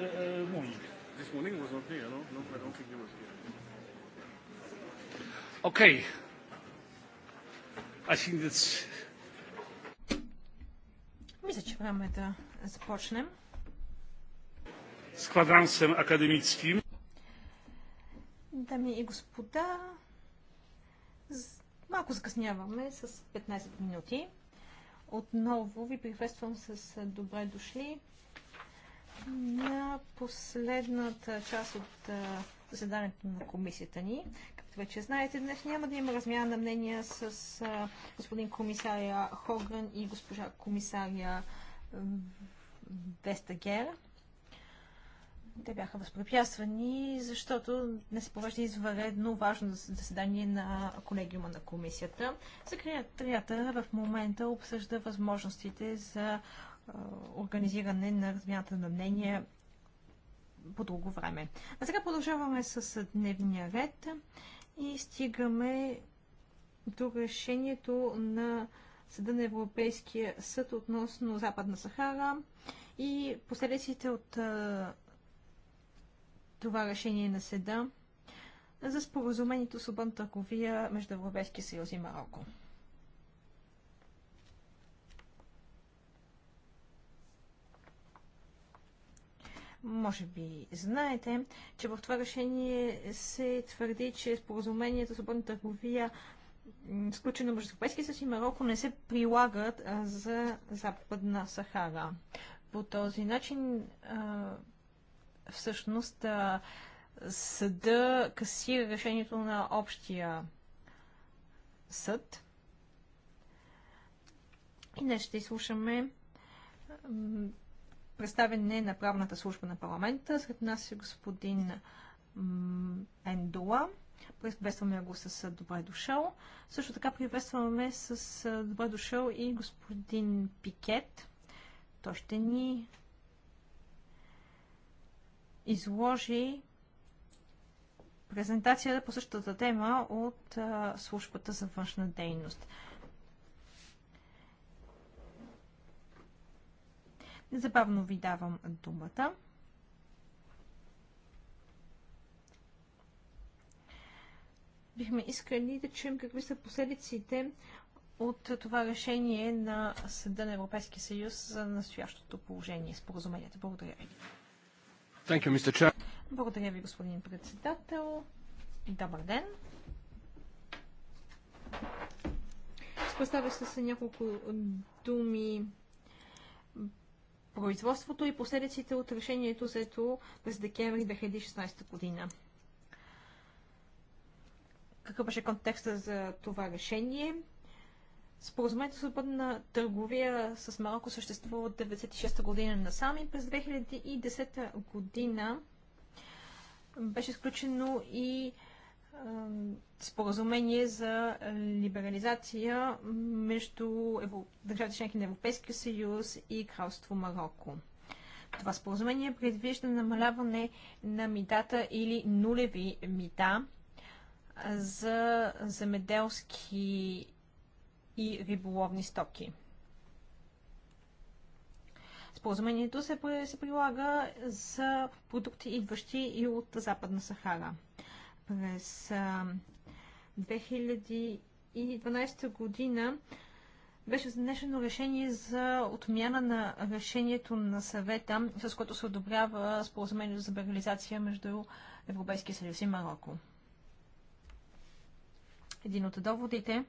uh, eh, eh, morning. This morning was not here, no? No, I don't think he was here. Okay. I think that's... Мисля, че време е да започнем. С квадрансем академическим. Дами и господа, малко закъсняваме с 15 минути. Отново ви приветствам с е, добре дошли на последната част от заседанието на комисията ни. Както вече знаете, днес няма да има размяна на мнения с а, господин комисаря Хоган и госпожа комисаря Вестагер. Те бяха възпрепятствани, защото не се провежда извънредно важно заседание на колегиума на комисията. Секретарията в момента обсъжда възможностите за организиране на размяната на мнения по дълго време. А сега продължаваме с дневния ред и стигаме до решението на Съда на Европейския съд относно Западна Сахара и последиците от това решение на Съда за споразумението с свободна търговия между Европейския съюз и Марокко. Може би знаете, че в това решение се твърди, че споразумението за свободна търговия сключено между Европейския съюз и Марокко не се прилагат за Западна Сахара. По този начин всъщност съда касира решението на общия съд. И днес ще изслушаме представене на правната служба на парламента. Сред нас е господин Ендола. Приветстваме го с добре дошъл. Също така приветстваме с добре дошъл и господин Пикет. Той ще ни изложи презентацията по същата тема от службата за външна дейност. Незабавно ви давам думата. Бихме искали да чуем какви са последиците от това решение на Съда на Европейския съюз за настоящото положение с поразуменията. Благодаря ви. You, Благодаря ви, господин председател. Добър ден. Представя се с няколко думи производството и последиците от решението взето през декември 2016 година. Какъв беше контекста за това решение? Споразумението за свободна търговия с Марокко съществува от 1996 година на сами. през 2010 година беше сключено и споразумение за либерализация между държавите членки на Европейския съюз и Кралство Марокко. Това споразумение предвижда намаляване на митата или нулеви мита за земеделски и риболовни стоки. Споразумението се прилага за продукти, идващи и от Западна Сахара. През 2012 година беше занесено решение за отмяна на решението на съвета, с което се одобрява споразумението за либерализация между Европейския съюз и Марокко. Един от доводите,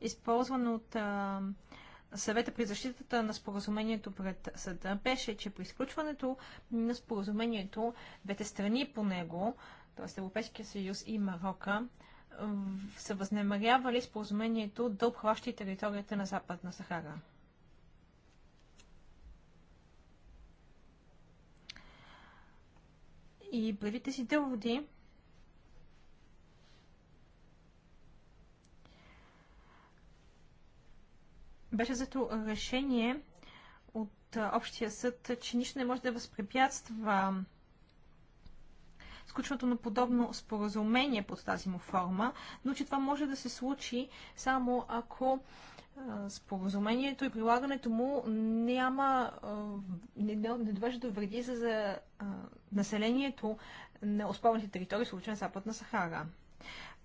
използван от а, съвета при защитата на споразумението пред съда беше, че при изключването на споразумението двете страни по него, т.е. Европейския съюз и Марокко, са възнемарявали споразумението да обхваща и територията на Западна Сахара. И преди тези доводи, беше взето решение от Общия съд, че нищо не може да възпрепятства сключването на подобно споразумение под тази му форма, но че това може да се случи само ако споразумението и прилагането му няма, не, не довежда до вреди за, за населението на оспорните територии, случайно Западна Сахара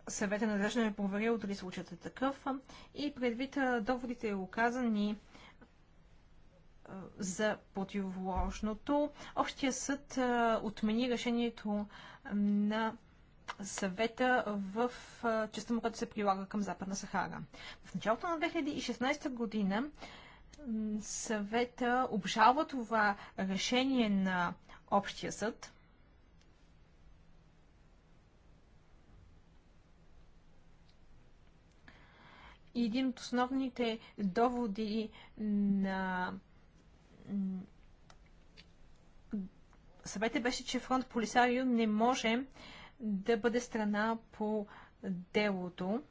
съвета надлежно е проверил дали случаят е такъв и предвид доводите оказани за противоположното, Общия съд отмени решението на съвета в частта му, която се прилага към Западна Сахара. В началото на 2016 година съвета обжалва това решение на Общия съд, И един от основните доводи на съвета беше, че фронт Полисарио не може да бъде страна по делото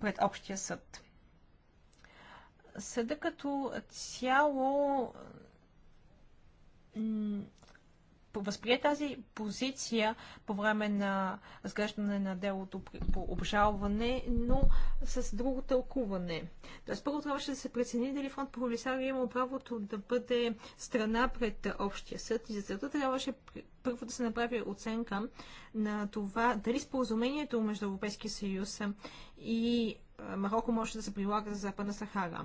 пред общия съд. Съда като цяло възприе тази позиция по време на разглеждане на делото по обжалване, но с друго тълкуване. Тоест, първо трябваше да се прецени дали фронт Полисари има правото да бъде страна пред общия съд и за целта трябваше първо да се направи оценка на това дали споразумението между Европейския съюз и Марокко може да се прилага за Западна Сахара.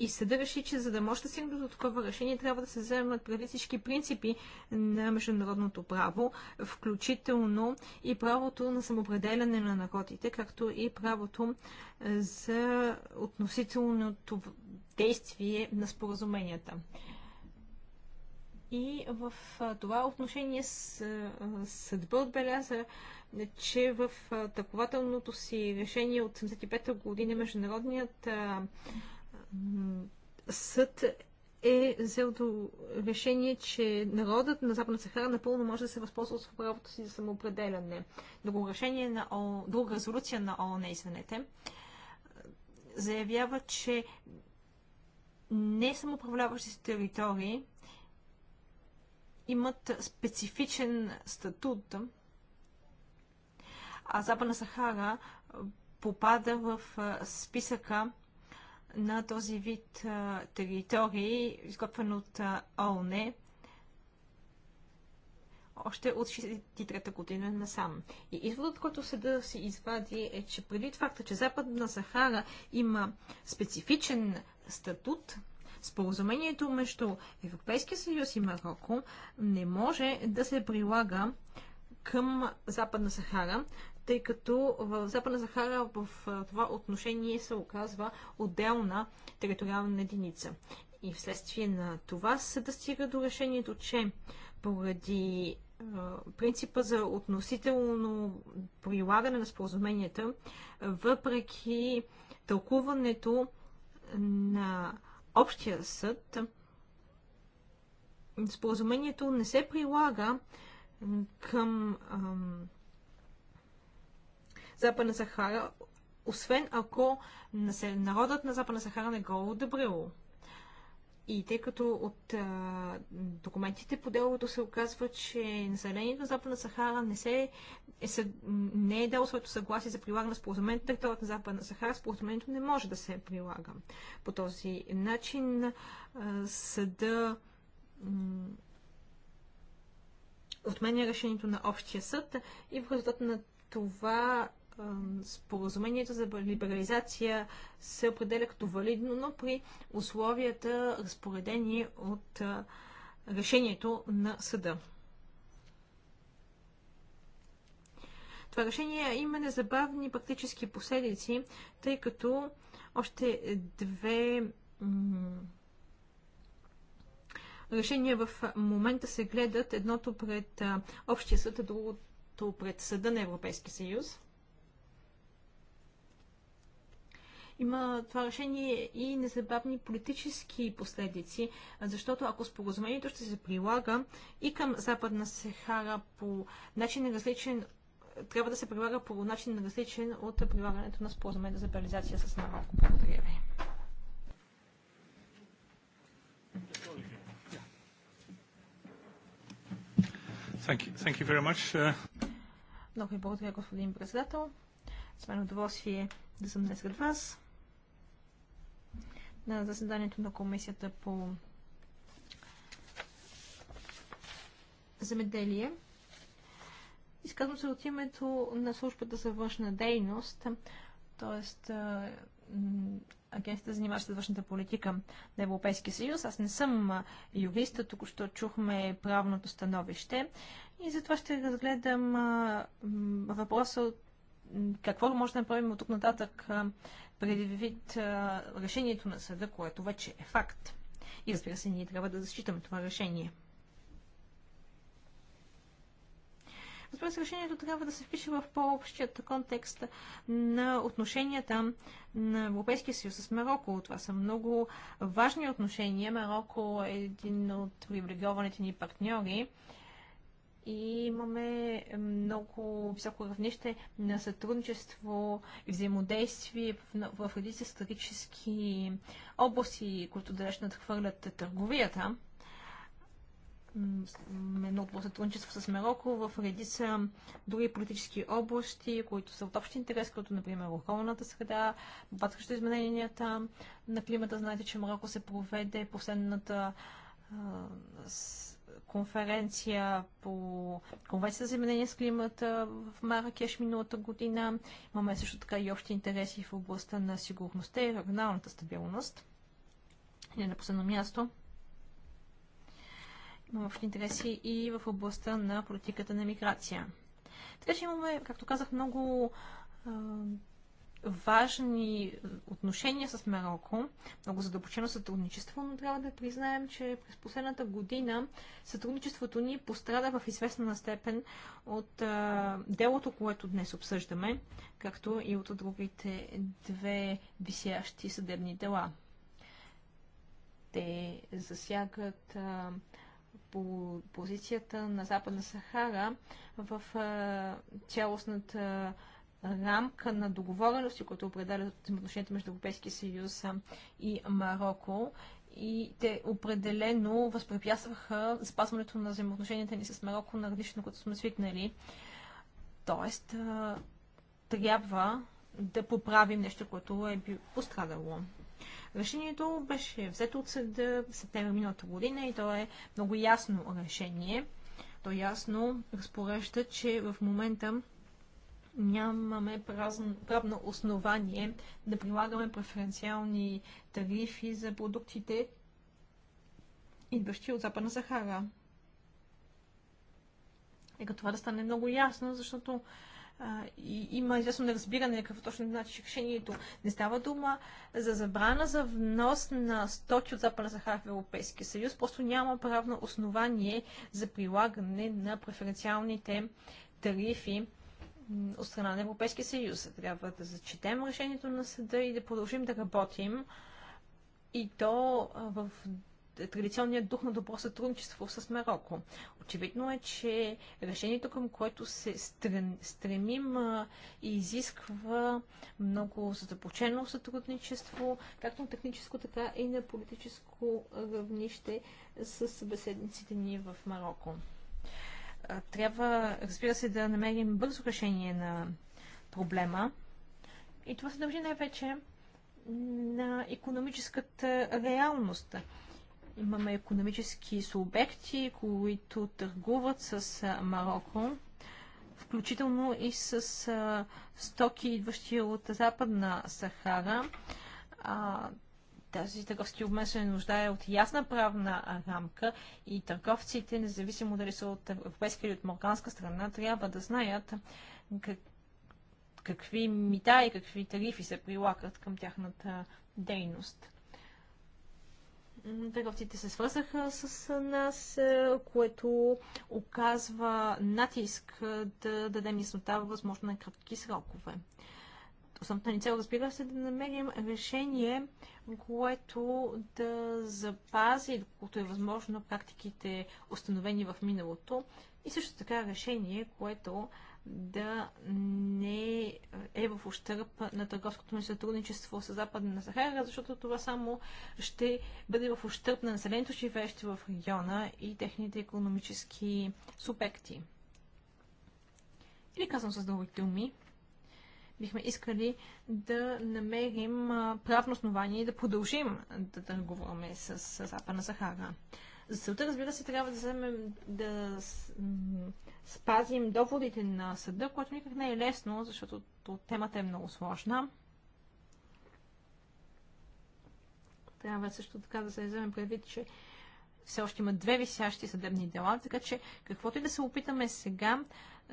И съда реши, че за да може да стигне до такова решение, трябва да се вземат преди всички принципи на международното право, включително и правото на самоопределяне на народите, както и правото е, за относителното действие на споразуменията. И в това отношение съдба отбеляза, че в тъкователното си решение от 75-та година Международният съд е взел до решение, че народът на Западна Сахара напълно може да се възползва от правото си за самоопределяне. Друго решение на О... друга резолюция на ООН, извинете, заявява, че не самоуправляващи се територии имат специфичен статут, а Западна Сахара попада в списъка на този вид територии, изготвен от ООН още от 63-та година насам. И изводът, който да си извади е, че преди факта, че Западна Сахара има специфичен статут, споразумението между Европейския съюз и Марокко не може да се прилага към Западна Сахара, тъй като в Западна Захара в това отношение се оказва отделна териториална единица. И вследствие на това се достига до решението, че поради принципа за относително прилагане на споразуменията, въпреки тълкуването на общия съд, споразумението не се прилага към ам, Западна Сахара, освен ако народът на Западна Сахара не го е одобрило. И тъй като от а, документите по делото се оказва, че населението на Западна Сахара не, се, е, се, не е дало своето съгласие за прилагане на споразумението на територията на Западна Сахара, споразумението не може да се прилага. По този начин а, съда отменя решението на общия съд и в резултат на това споразумението за либерализация се определя като валидно, но при условията разпоредени от решението на съда. Това решение има незабавни практически последици, тъй като още две решения в момента се гледат едното пред Общия съд, а другото пред Съда на Европейския съюз. има това решение и незабавни политически последици, защото ако споразумението ще се прилага и към Западна Сехара по начин различен трябва да се прилага по начин различен от прилагането на споразумението за реализация с Марокко. Благодаря ви. Thank you. Thank you very much. Uh... Много ви благодаря, господин председател. С мен удоволствие да съм днес сред вас на заседанието на комисията по земеделие. Изказвам се от името на службата за външна дейност, т.е. агенцията занимава се външната политика на Европейския съюз. Аз не съм юрист, тук що чухме правното становище и затова ще разгледам въпроса какво може да направим от тук нататък предвид а, решението на съда, което вече е факт. И разбира се, ние трябва да защитаме това решение. Разбира се, решението трябва да се впише в по-общият контекст на отношенията на Европейския съюз с Марокко. Това са много важни отношения. Марокко е един от привилегиованите ни партньори и имаме много високо равнище на сътрудничество и взаимодействие в, в редица стратегически области, които далеч надхвърлят търговията. Много сътрудничество с Марокко в редица други политически области, които са от общ интерес, като например околната среда, борбата измененията на климата. Знаете, че Марокко се проведе последната а, с конференция по конвенция за изменение с климата в Маракеш миналата година. Имаме също така и общи интереси в областта на сигурността и регионалната стабилност. И на последно място имаме общи интереси и в областта на политиката на миграция. Така че имаме, както казах, много важни отношения с Марокко, много задълбочено сътрудничество, но трябва да признаем, че през последната година сътрудничеството ни пострада в известна степен от а, делото, което днес обсъждаме, както и от другите две висящи съдебни дела. Те засягат а, по позицията на Западна Сахара в а, цялостната а, рамка на договорености, които определят взаимоотношенията между Европейския съюз и Марокко. И те определено възпрепятстваха спазването на взаимоотношенията ни с Марокко на различно, като сме свикнали. Тоест, трябва да поправим нещо, което е пострадало. Решението беше взето от съда в септември миналата година и то е много ясно решение. То ясно разпорежда, че в момента нямаме правно основание да прилагаме преференциални тарифи за продуктите, идващи от Западна Сахара. Нека това да стане много ясно, защото а, и, има известно неразбиране какво точно значи решението. Не става дума за забрана за внос на стоки от Западна Сахара в Европейския съюз. Просто няма правно основание за прилагане на преференциалните тарифи от страна на Европейския съюз. Трябва да зачетем решението на съда и да продължим да работим и то в традиционния дух на добро сътрудничество с Марокко. Очевидно е, че решението, към което се стремим, изисква много задълбочено сътрудничество, както на техническо, така и на политическо равнище с събеседниците ни в Марокко. Трябва, разбира се, да намерим бързо решение на проблема. И това се дължи най-вече на економическата реалност. Имаме економически субекти, които търгуват с Марокко, включително и с стоки, идващи от Западна Сахара. Тази търговски обмен се нуждае от ясна правна рамка и търговците, независимо дали са от европейска или от морганска страна, трябва да знаят как, какви мита и какви тарифи се прилагат към тяхната дейност. Търговците се свързаха с нас, което оказва натиск да дадем яснота възможно на кратки срокове. Основната ни цел, разбира се, е да намерим решение, което да запази, доколкото е възможно, практиките, установени в миналото, и също така решение, което да не е в ущърп на търговското ни сътрудничество с Западна Сахара, защото това само ще бъде в ущърп на населението, живеещи в региона и техните економически субекти. Или казвам с други думи, бихме искали да намерим правно основание и да продължим да търгуваме с, с Западна Сахара. За целта, разбира се, трябва да вземем да спазим доводите на съда, което никак не е лесно, защото темата е много сложна. Трябва също така да се вземем предвид, че все още има две висящи съдебни дела, така че каквото и да се опитаме сега,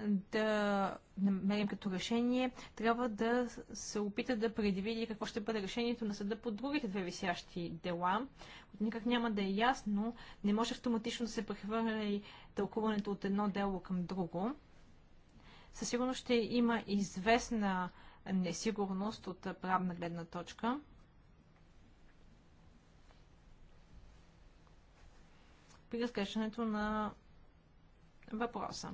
да намерим като решение, трябва да се опита да предвиди какво ще бъде решението на съда по другите две висящи дела. Никак няма да е ясно, не може автоматично да се прехвърля и тълкуването от едно дело към друго. Със сигурност ще има известна несигурност от правна гледна точка. При разглеждането на въпроса.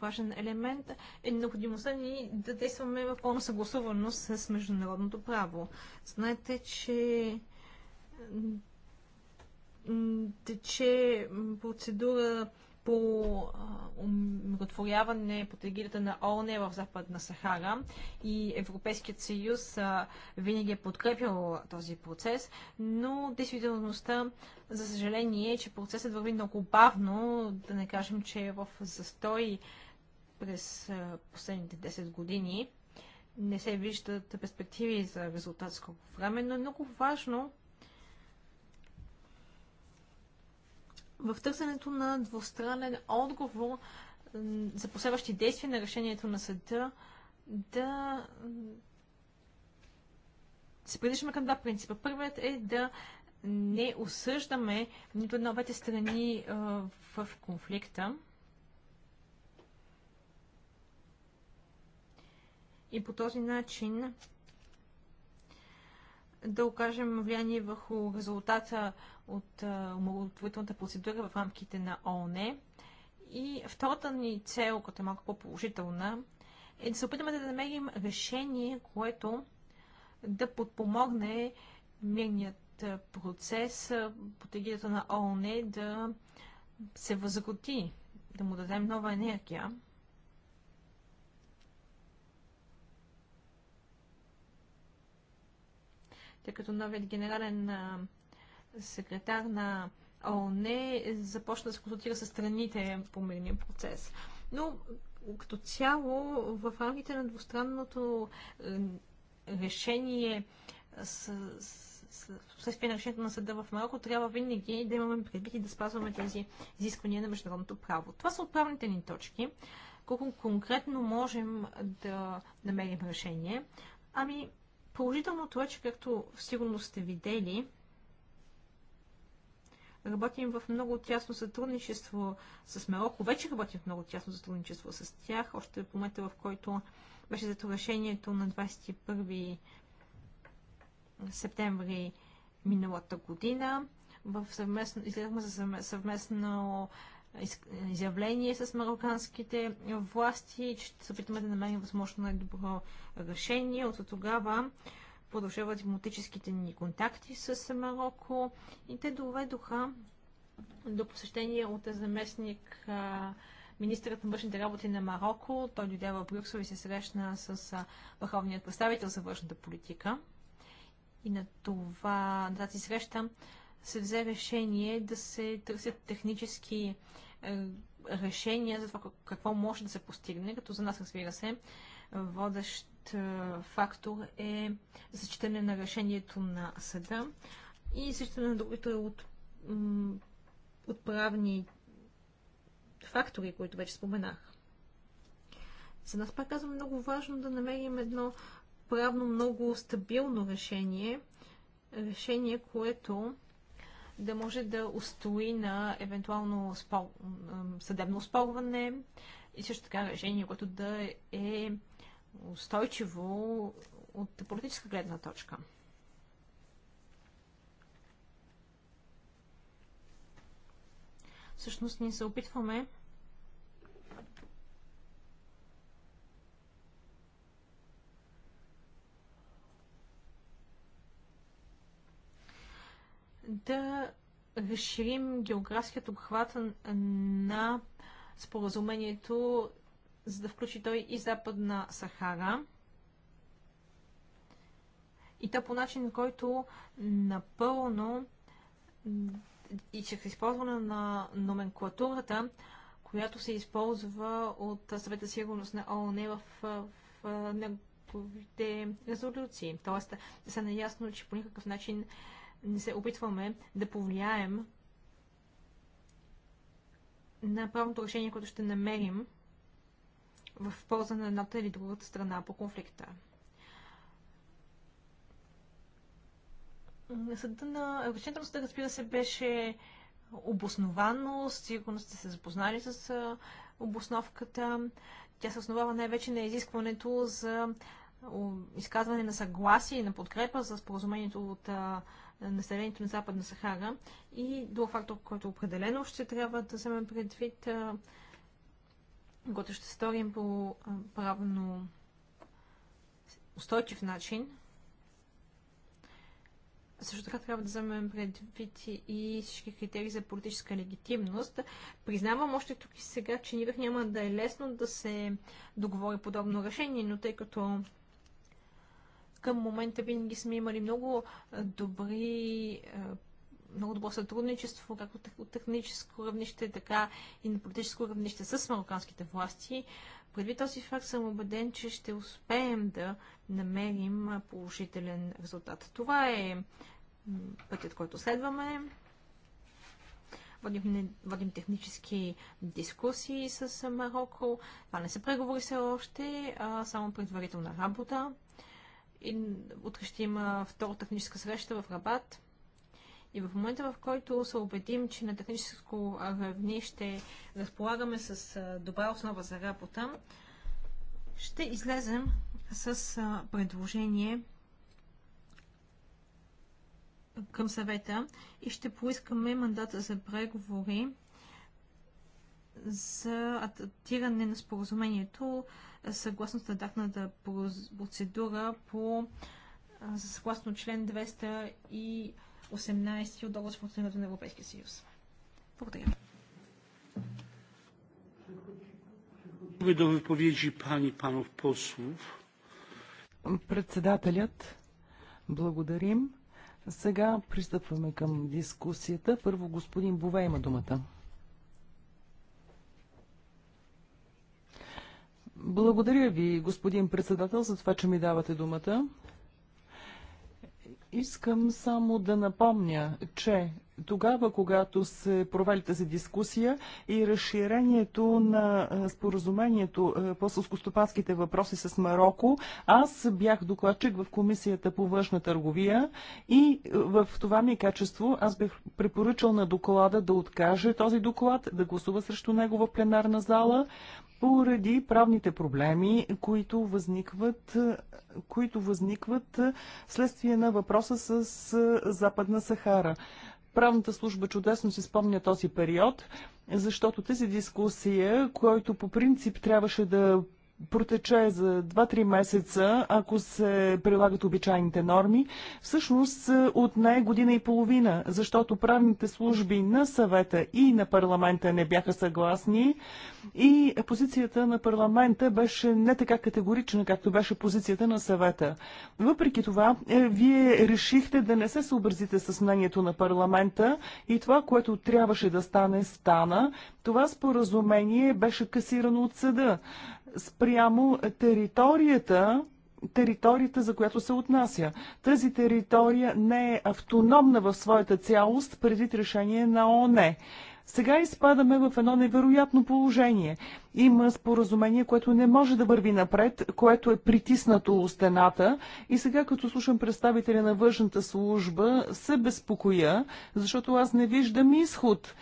важен елемент е необходимостта ни да действаме в пълна съгласуваност с международното право. Знаете, че тече процедура по умиротворяване под егидата на ООН в Западна Сахара и Европейският съюз винаги е подкрепил този процес, но действителността, за съжаление, е, че процесът върви много бавно, да не кажем, че е в застой през последните 10 години. Не се виждат перспективи за резултат скоро време, но е много важно в търсенето на двустранен отговор за последващи действия на решението на съда да се придържаме към два принципа. Първият е да не осъждаме нито една от страни в конфликта. И по този начин да окажем влияние върху резултата от умолотворителната процедура в рамките на ООН. И втората ни цел, като е малко по-положителна, е да се опитаме да намерим решение, което да подпомогне мирният процес под егидата на ООН е да се възроти, да му дадем нова енергия. тъй като новият генерален секретар на ООН е започна да се консултира с страните по мирния процес. Но като цяло в рамките на двустранното е, решение с, с, на решението на съда в Марокко, трябва винаги да имаме предвид и да спазваме тези изисквания на международното право. Това са отправните ни точки. Колко конкретно можем да намерим решение? Ами, Положителното е, че както сигурно сте видели, работим в много тясно сътрудничество с Мелоко. Вече работим в много тясно сътрудничество с тях. Още в момента, в който беше зато решението на 21 септември миналата година. В съвместно, излезахме за съвместно изявление с мароканските власти че се опитаме да намерим възможно най-добро решение. От тогава продължават дипломатическите ни контакти с Марокко и те доведоха до посещение от заместник министърът на външните работи на Марокко. Той дойде в Брюксел и се срещна с върховният представител за външната политика. И на това, на тази среща, се взе решение да се търсят технически е, решения за това какво може да се постигне, като за нас, разбира се, водещ е, фактор е зачитане на решението на съда и зачитане на другите от, отправни фактори, които вече споменах. За нас, пак казвам, е много важно да намерим едно правно много стабилно решение, решение, което да може да устои на евентуално спол... съдебно спорване и също така решение, което да е устойчиво от политическа гледна точка. Всъщност ние се опитваме да разширим географският обхват на споразумението, за да включи той и Западна Сахара. И то по начин, който напълно и чрез използване на номенклатурата, която се използва от Съвета сигурност на ООН в, в, в неговите резолюции. Тоест, да се наясно, че по никакъв начин не се опитваме да повлияем на правното решение, което ще намерим в полза на едната или другата страна по конфликта. Съда на решението съда, разбира се, беше обосновано, сигурно сте се запознали с обосновката. Тя се основава най-вече на изискването за изказване на съгласие и на подкрепа за споразумението от населението на Западна Сахара и друг фактор, който определено ще трябва да вземем предвид, който ще сторим по правно устойчив начин. Също така трябва да вземем предвид и всички критерии за политическа легитимност. Признавам още тук и сега, че никак няма да е лесно да се договори подобно решение, но тъй като към момента винаги сме имали много добри много добро сътрудничество, както от техническо равнище, така и на политическо равнище с марокканските власти. Преди този факт съм убеден, че ще успеем да намерим положителен резултат. Това е пътят, който следваме. Водим, водим технически дискусии с Марокко. Това не са преговори все още, а само предварителна работа. И утре ще има втора техническа среща в Рабат. И в момента, в който се убедим, че на техническо равнище разполагаме с добра основа за работа, ще излезем с предложение към съвета и ще поискаме мандата за преговори за адаптиране на споразумението съгласно стандартната процедура по съгласно член 218 от договор за функционирането на Европейския съюз. Благодаря. до wypowiedzi пани панов послов. Председателят, благодарим. Сега пристъпваме към дискусията. Първо господин Бове има думата. Благодаря ви, господин председател, за това, че ми давате думата. Искам само да напомня, че тогава, когато се провали тази дискусия и разширението на споразумението по сълскостопанските въпроси с Марокко, аз бях докладчик в Комисията по външна търговия и в това ми качество аз бях препоръчал на доклада да откаже този доклад, да гласува срещу него в пленарна зала, поради правните проблеми, които възникват, които възникват следствие на въпроса с Западна Сахара. Правната служба чудесно се спомня този период, защото тази дискусия, който по принцип трябваше да протече за 2-3 месеца, ако се прилагат обичайните норми, всъщност е, от нея година и половина, защото правните служби на съвета и на парламента не бяха съгласни и позицията на парламента беше не така категорична, както беше позицията на съвета. Въпреки това, е, вие решихте да не се съобразите с мнението на парламента и това, което трябваше да стане, стана. Това споразумение беше касирано от съда спрямо територията, територията, за която се отнася. Тази територия не е автономна в своята цялост преди решение на ОНЕ. Сега изпадаме в едно невероятно положение. Има споразумение, което не може да върви напред, което е притиснато стената. И сега, като слушам представителя на външната служба, се безпокоя, защото аз не виждам изход.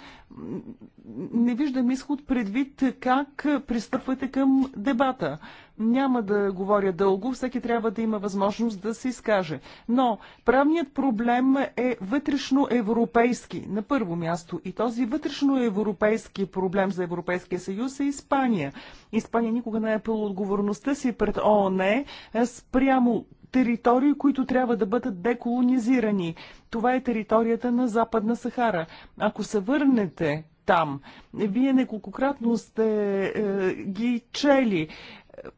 Не виждам изход предвид как пристъпвате към дебата. Няма да говоря дълго, всеки трябва да има възможност да се изкаже. Но правният проблем е вътрешно европейски, на първо място. И този вътрешно европейски проблем за Европейския съюз е Испания. Испания никога не е пила отговорността си пред ООН е, спрямо територии, които трябва да бъдат деколонизирани. Това е територията на Западна Сахара. Ако се върнете там. Вие неколкократно сте е, ги чели.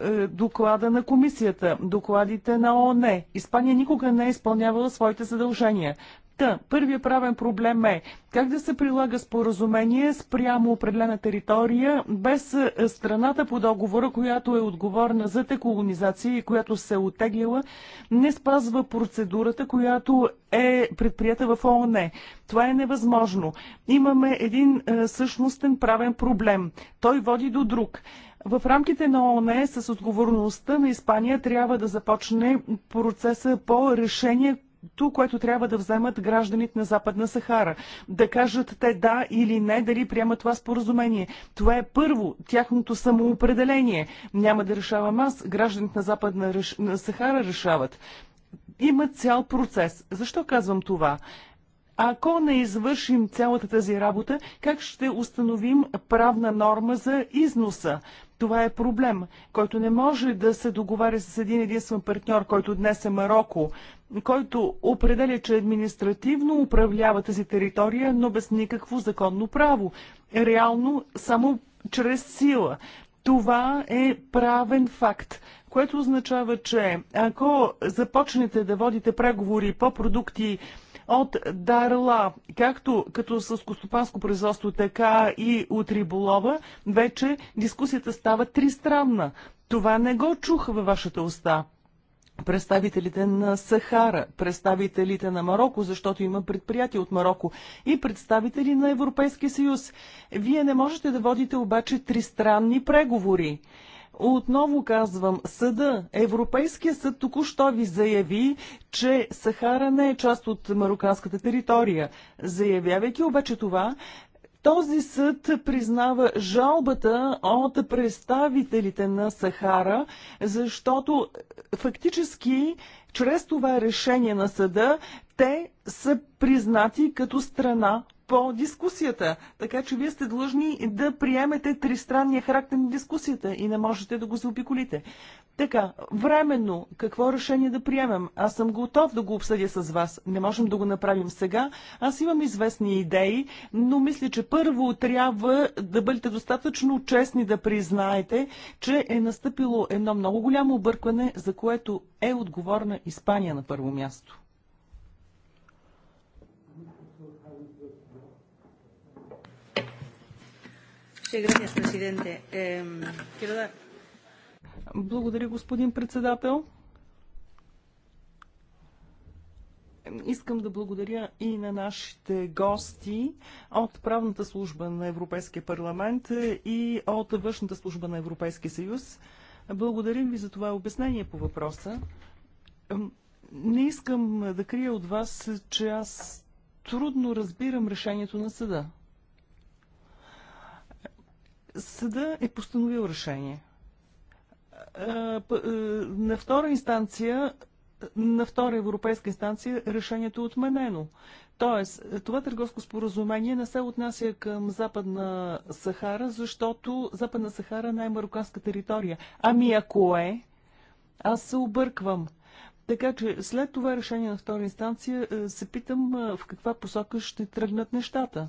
Е, доклада на комисията, докладите на ООН. Испания никога не е изпълнявала своите задължения. Та, първият правен проблем е как да се прилага споразумение спрямо определена територия без е, страната по договора, която е отговорна за деколонизация и която се е отеглила, не спазва процедурата, която е предприята в ООН. Това е невъзможно. Имаме един е, същностен правен проблем. Той води до друг. В рамките на ООН с отговорността на Испания трябва да започне процеса по решение, то, което трябва да вземат гражданите на Западна Сахара. Да кажат те да или не, дали приемат това споразумение. Това е първо тяхното самоопределение. Няма да решавам аз, гражданите на Западна Сахара решават. Има цял процес. Защо казвам това? Ако не извършим цялата тази работа, как ще установим правна норма за износа? Това е проблем, който не може да се договаря с един единствен партньор, който днес е Марокко, който определя, че административно управлява тази територия, но без никакво законно право. Реално само чрез сила. Това е правен факт, което означава, че ако започнете да водите преговори по продукти, от Дарла, както като с костопанско производство, така и от риболова, вече дискусията става тристранна. Това не го чух във вашата уста представителите на Сахара, представителите на Марокко, защото има предприятия от Марокко и представители на Европейския съюз. Вие не можете да водите обаче тристранни преговори. Отново казвам, съда, Европейския съд току-що ви заяви, че Сахара не е част от мароканската територия. Заявявайки обаче това, този съд признава жалбата от представителите на Сахара, защото фактически чрез това решение на съда те са признати като страна по дискусията. Така че вие сте длъжни да приемете тристранния характер на дискусията и не можете да го заобиколите. Така, временно, какво решение да приемем? Аз съм готов да го обсъдя с вас. Не можем да го направим сега. Аз имам известни идеи, но мисля, че първо трябва да бъдете достатъчно честни да признаете, че е настъпило едно много голямо объркване, за което е отговорна Испания на първо място. Благодаря, господин председател. Искам да благодаря и на нашите гости от правната служба на Европейския парламент и от външната служба на Европейския съюз. Благодарим ви за това обяснение по въпроса. Не искам да крия от вас, че аз трудно разбирам решението на съда. Съда е постановил решение. На втора инстанция, на втора европейска инстанция решението е отменено. Тоест, това търговско споразумение не се отнася към Западна Сахара, защото Западна Сахара не е мароканска територия. Ами ако е, аз се обърквам. Така че след това решение на втора инстанция се питам в каква посока ще тръгнат нещата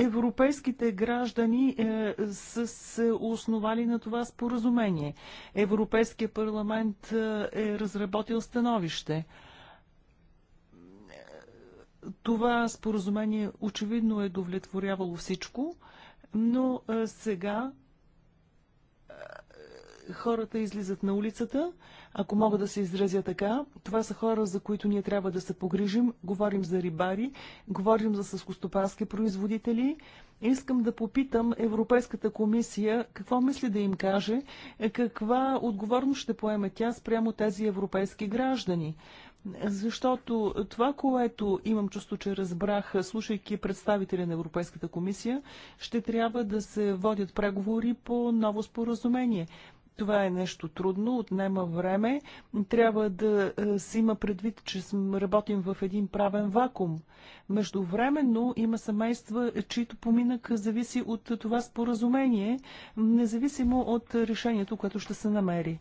европейските граждани е, са се основали на това споразумение. Европейския парламент е, е разработил становище. Това споразумение очевидно е удовлетворявало всичко, но е, сега хората излизат на улицата, ако мога да се изразя така. Това са хора, за които ние трябва да се погрижим. Говорим за рибари, говорим за съскостопански производители. Искам да попитам Европейската комисия какво мисли да им каже, каква отговорност ще поеме тя спрямо тези европейски граждани. Защото това, което имам чувство, че разбрах, слушайки представителя на Европейската комисия, ще трябва да се водят преговори по ново споразумение. Това е нещо трудно, отнема време. Трябва да е, се има предвид, че работим в един правен вакуум. Междувременно има семейства, чието поминък зависи от това споразумение, независимо от решението, което ще се намери.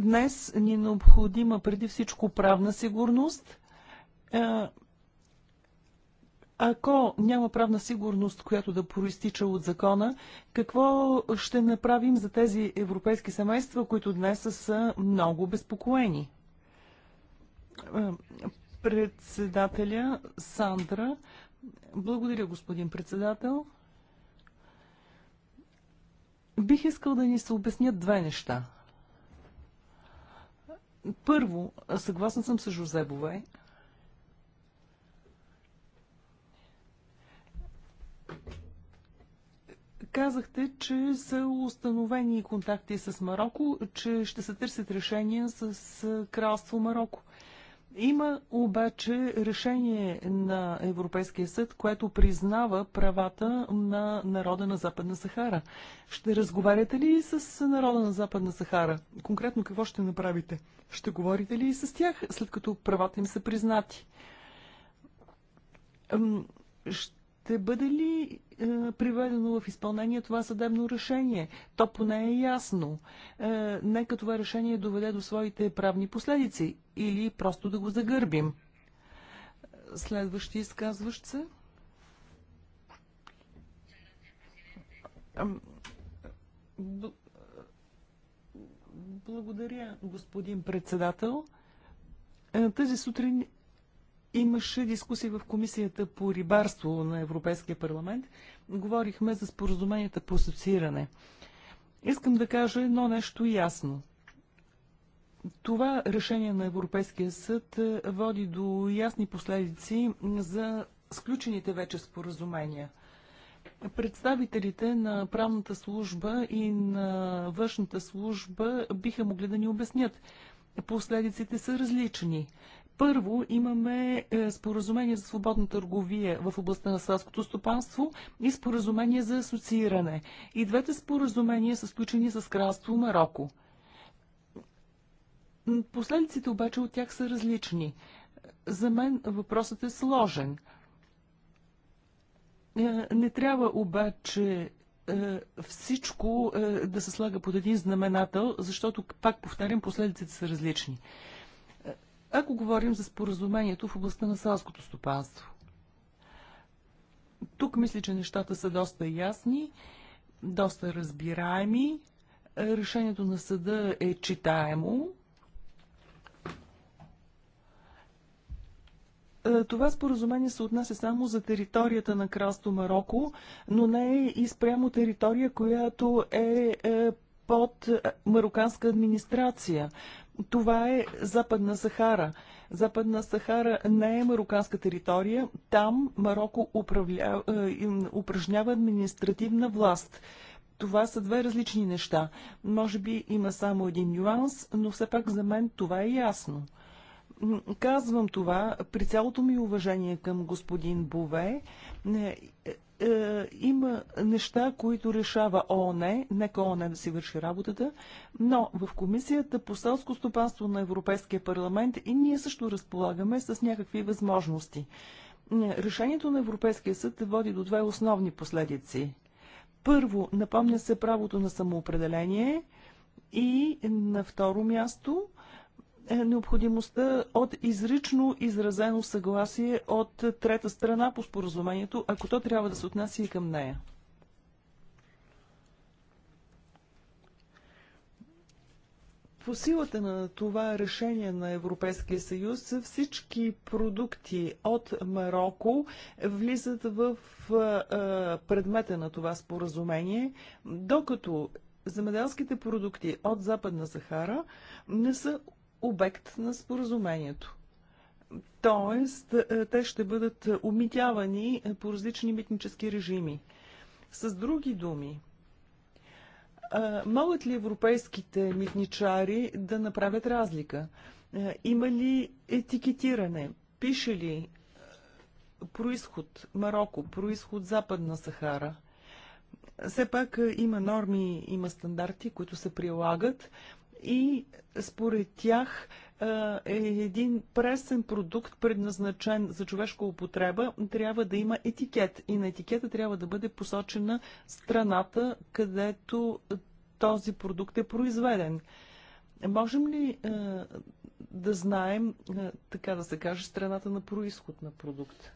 Днес ни е необходима преди всичко правна сигурност е, – ако няма правна сигурност, която да проистича от закона, какво ще направим за тези европейски семейства, които днес са много безпокоени? Е, председателя Сандра. Благодаря, господин председател. Бих искал да ни се обяснят две неща. Първо, съгласна съм с Жозебове, Казахте, че са установени контакти с Марокко, че ще се търсят решения с кралство Марокко. Има обаче решение на Европейския съд, което признава правата на народа на Западна Сахара. Ще разговаряте ли с народа на Западна Сахара? Конкретно какво ще направите? Ще говорите ли с тях, след като правата им са признати? Ще ще бъде ли е, приведено в изпълнение това съдебно решение? То поне е ясно. Е, нека това решение доведе до своите правни последици или просто да го загърбим. Следващи изказващ се. Е, благодаря, господин председател. Е, тази сутрин Имаше дискусия в Комисията по рибарство на Европейския парламент. Говорихме за споразуменията по асоцииране. Искам да кажа едно нещо ясно. Това решение на Европейския съд е, води до ясни последици за сключените вече споразумения. Представителите на правната служба и на външната служба биха могли да ни обяснят. Последиците са различни. Първо имаме е, споразумение за свободна търговия в областта на селското стопанство и споразумение за асоцииране. И двете споразумения са сключени с кралство Марокко. Последиците обаче от тях са различни. За мен въпросът е сложен. Е, не трябва обаче е, всичко да се слага под един знаменател, защото, пак повтарям, последиците са различни ако говорим за споразумението в областта на селското стопанство. Тук мисля, че нещата са доста ясни, доста разбираеми. Решението на съда е читаемо. Е, това споразумение се отнася само за територията на Кралство Марокко, но не е и спрямо територия, която е, е под е, мароканска администрация. Това е Западна Сахара. Западна Сахара не е мароканска територия. Там Марокко управля... Е, упражнява административна власт. Това са две различни неща. Може би има само един нюанс, но все пак за мен това е ясно. Казвам това при цялото ми уважение към господин Бове. Е, е, има неща, които решава ООН, нека ООН да си върши работата, но в Комисията по селско стопанство на Европейския парламент и ние също разполагаме с някакви възможности. Е, решението на Европейския съд води до две основни последици. Първо, напомня се правото на самоопределение и на второ място – е необходимостта от изрично изразено съгласие от трета страна по споразумението, ако то трябва да се отнася и към нея. По силата на това решение на Европейския съюз всички продукти от Марокко влизат в е, предмета на това споразумение, докато земеделските продукти от Западна Сахара не са обект на споразумението. Тоест, е, те ще бъдат умитявани е, по различни митнически режими. С други думи, е, могат ли европейските митничари да направят разлика? Има ли етикетиране? Пише ли происход Марокко, происход Западна Сахара? Все пак има норми, има стандарти, които се прилагат и според тях е един пресен продукт, предназначен за човешка употреба, трябва да има етикет. И на етикета трябва да бъде посочена страната, където този продукт е произведен. Можем ли е, да знаем, е, така да се каже, страната на происход на продукт?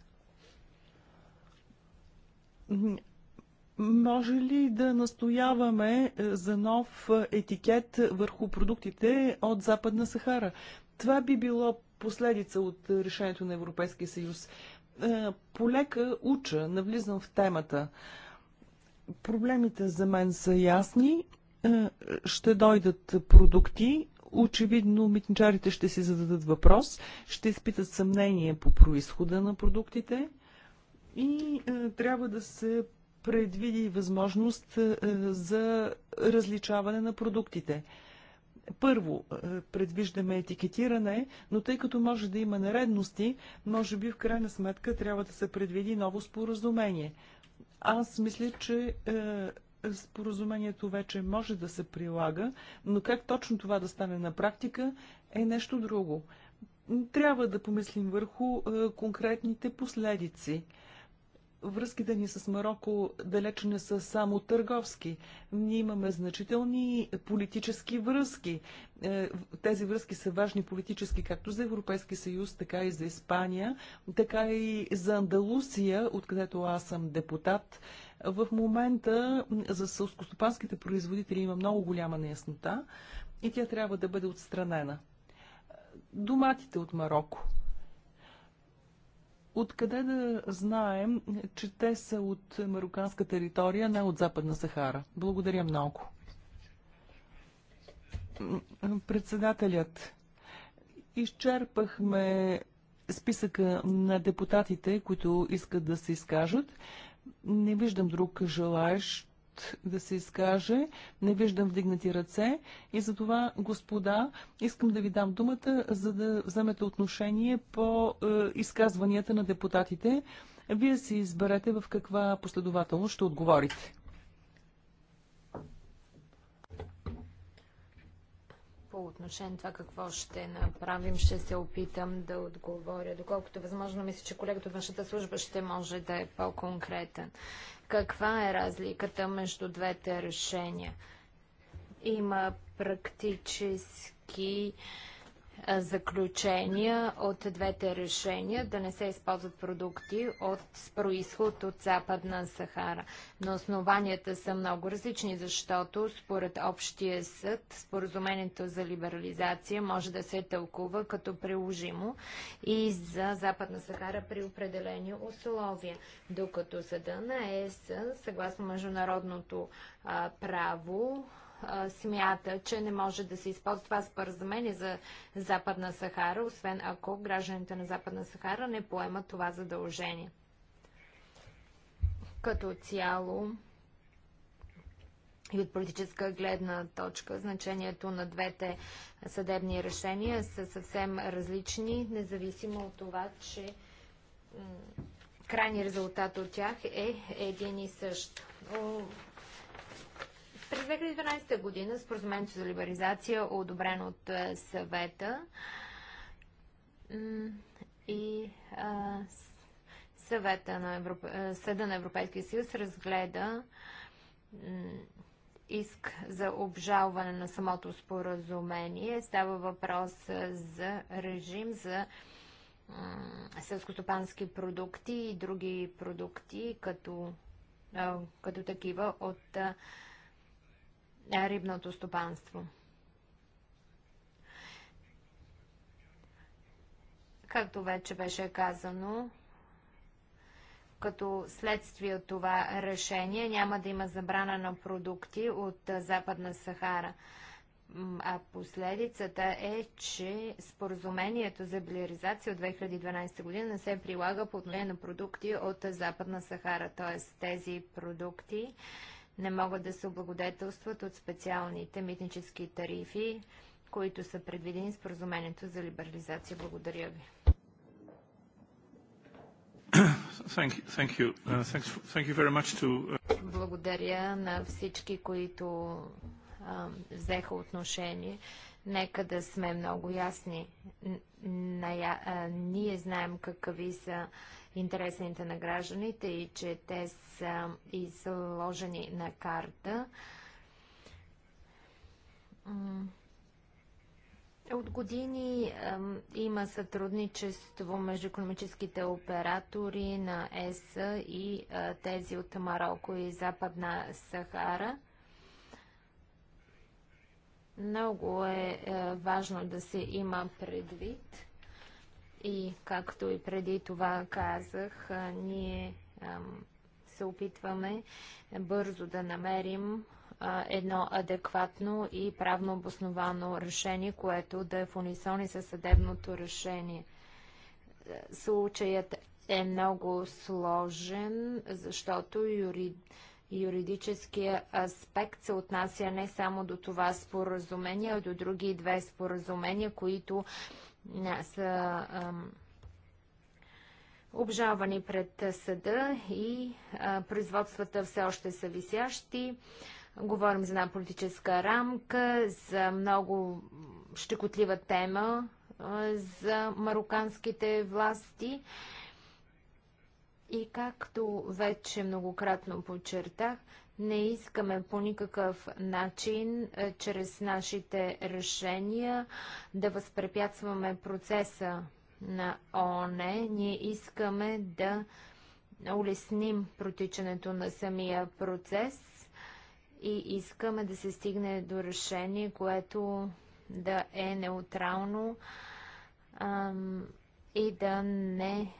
Може ли да настояваме е, за нов е, етикет върху продуктите от Западна Сахара? Това би било последица от е, решението на Европейския съюз. Полека уча, навлизам в темата. Проблемите за мен са ясни. Ще дойдат продукти. Очевидно, митничарите ще си зададат въпрос, ще изпитат съмнение по происхода на продуктите и трябва да се предвиди възможност е, за различаване на продуктите. Първо, е, предвиждаме етикетиране, но тъй като може да има наредности, може би в крайна сметка трябва да се предвиди ново споразумение. Аз мисля, че е, споразумението вече може да се прилага, но как точно това да стане на практика е нещо друго. Трябва да помислим върху конкретните последици връзките ни с Марокко далеч не са само търговски. Ние имаме значителни политически връзки. Е, тези връзки са важни политически както за Европейски съюз, така и за Испания, така и за Андалусия, откъдето аз съм депутат. В момента за сълскостопанските производители има много голяма неяснота и тя трябва да бъде отстранена. Доматите от Марокко – Откъде да знаем, че те са от мароканска територия, не от Западна Сахара? Благодаря много. Председателят, изчерпахме списъка на депутатите, които искат да се изкажат. Не виждам друг желаещ да се изкаже. Не виждам вдигнати ръце. И за това, господа, искам да ви дам думата, за да вземете отношение по е, изказванията на депутатите. Вие си изберете в каква последователност ще отговорите. отношение на това какво ще направим, ще се опитам да отговоря. Доколкото е възможно, мисля, че колегата от външната служба ще може да е по-конкретен. Каква е разликата между двете решения? Има практически заключения от двете решения да не се използват продукти от, происход от Западна Сахара. Но основанията са много различни, защото според Общия съд споразумението за либерализация може да се тълкува като приложимо и за Западна Сахара при определени условия, докато съда на ЕС съгласно международното право смята, че не може да се използва това споразумение за Западна Сахара, освен ако гражданите на Западна Сахара не поемат това задължение. Като цяло и от политическа гледна точка, значението на двете съдебни решения са съвсем различни, независимо от това, че крайният резултат от тях е един и същ. През 2012 година споразумението за либерализация, е одобрено от е, съвета и а, съвета на Европ... Е, съда на Европейския съюз разгледа иск за обжалване на самото споразумение. Става въпрос за режим за селскостопански продукти и други продукти, като, като такива от а, рибното стопанство. Както вече беше казано, като следствие от това решение няма да има забрана на продукти от Западна Сахара. А последицата е, че споразумението за биляризация от 2012 година не се прилага по отношение на продукти от Западна Сахара, т.е. тези продукти не могат да се облагодетелстват от специалните митнически тарифи, които са предвидени с прозумението за либерализация. Благодаря ви. Uh, uh, Благодаря на всички, които взеха отношение. Нека да сме много ясни. Ние знаем какви са интересните на гражданите и че те са изложени на карта. От години има сътрудничество между економическите оператори на ЕСА и тези от Марокко и Западна Сахара. Много е, е важно да се има предвид и както и преди това казах, е, ние е, се опитваме бързо да намерим е, едно адекватно и правно обосновано решение, което да е в унисон и със съдебното решение. Е, случаят е много сложен, защото юридически Юридическия аспект се отнася не само до това споразумение, а до други две споразумения, които са обжавани пред съда и производствата все още са висящи. Говорим за една политическа рамка, за много щекотлива тема за мароканските власти. И както вече многократно подчертах, не искаме по никакъв начин е, чрез нашите решения да възпрепятстваме процеса на ООН. Ние искаме да улесним протичането на самия процес и искаме да се стигне до решение, което да е неутрално ам, и да не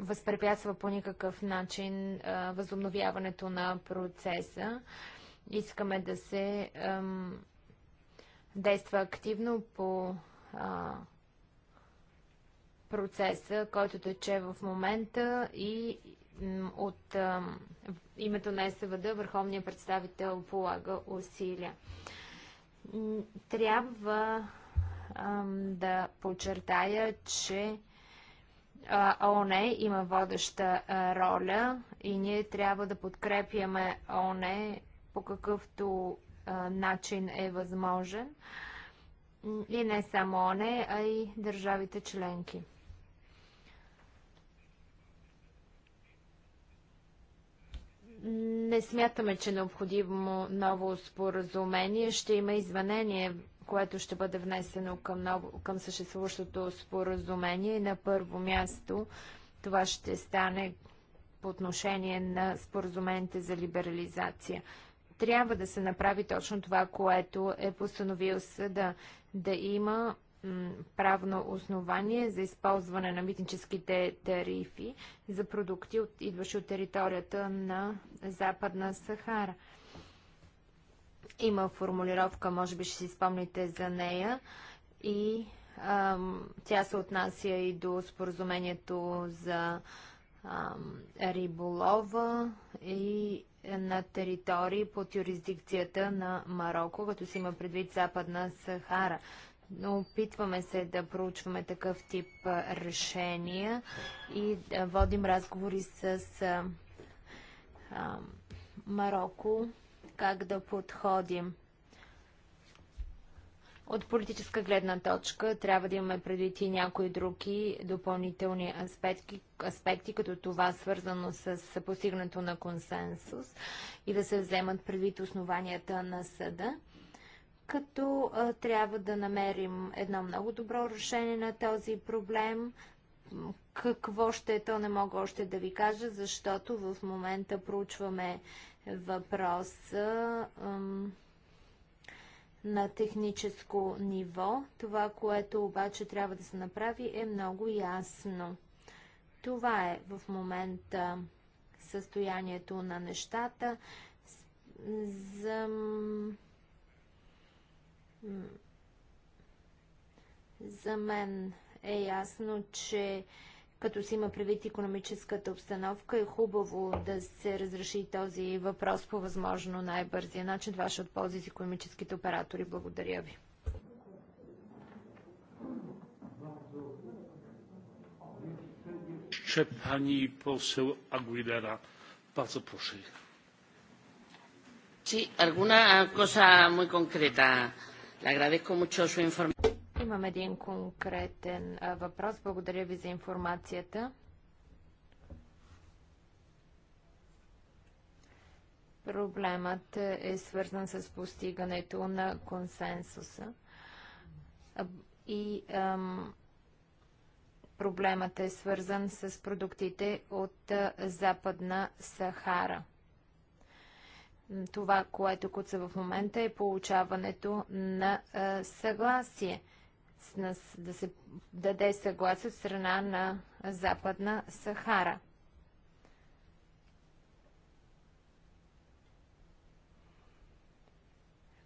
възпрепятства по никакъв начин възобновяването на процеса. Искаме да се действа активно по процеса, който тече в момента и от името на СВД върховният представител полага усилия. Трябва да подчертая, че ОНЕ има водеща роля и ние трябва да подкрепяме ОНЕ по какъвто начин е възможен. И не само ОНЕ, а и държавите членки. Не смятаме, че е необходимо ново споразумение ще има извънение което ще бъде внесено към, ново, към съществуващото споразумение. И на първо място това ще стане по отношение на споразумените за либерализация. Трябва да се направи точно това, което е постановил съда, да има правно основание за използване на митническите тарифи за продукти, идващи от територията на Западна Сахара. Има формулировка, може би ще си спомните за нея и ам, тя се отнася и до споразумението за ам, риболова и на територии под юрисдикцията на Марокко, като си има предвид Западна Сахара. Но опитваме се да проучваме такъв тип решения и да водим разговори с а, а, Марокко как да подходим. От политическа гледна точка трябва да имаме предвид и някои други допълнителни аспекти, аспекти, като това свързано с постигнато на консенсус и да се вземат предвид основанията на съда като а, трябва да намерим едно много добро решение на този проблем. Какво ще е то, не мога още да ви кажа, защото в момента проучваме въпроса на техническо ниво. Това, което обаче трябва да се направи е много ясно. Това е в момента състоянието на нещата. За... За мен е ясно, че като се има предвид економическата обстановка, е хубаво да се разреши този въпрос по възможно най-бързия начин. Това ще от ползи с економическите оператори. Благодаря ви. Jeszcze pani poseł Aguilera. Bardzo proszę. Sí, alguna cosa muy concreta. Le agradezco mucho su información. Имам един конкретен въпрос. Благодаря ви за информацията. Проблемът е свързан с постигането на консенсуса. И ам, проблемът е свързан с продуктите от а, Западна Сахара. Това, което куца в момента е получаването на а, съгласие да се даде съгласие от страна на Западна Сахара.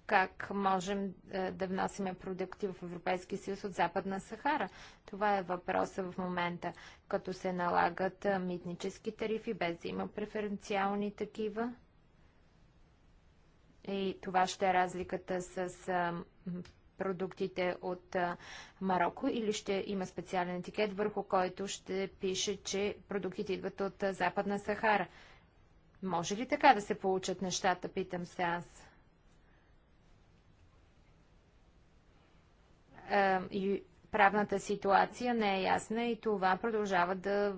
Как можем е, да вносиме продукти в Европейския съюз от Западна Сахара? Това е въпроса в момента, като се налагат е, митнически тарифи, без да има преференциални такива. И това ще е разликата с е, продуктите от Марокко или ще има специален етикет, върху който ще пише, че продуктите идват от Западна Сахара. Може ли така да се получат нещата, питам се аз? И правната ситуация не е ясна и това продължава да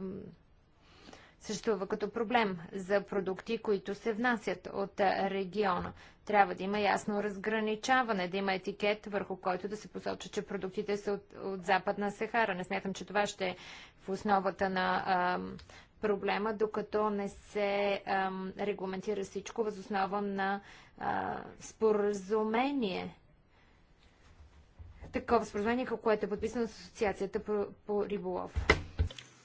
съществува като проблем за продукти, които се внасят от региона. Трябва да има ясно разграничаване, да има етикет, върху който да се посочи, че продуктите са от, от Западна Сахара. Не смятам, че това ще е в основата на а, проблема, докато не се а, регламентира всичко възоснова на а, споразумение. Такова споразумение, което е подписано с Асоциацията по, по риболов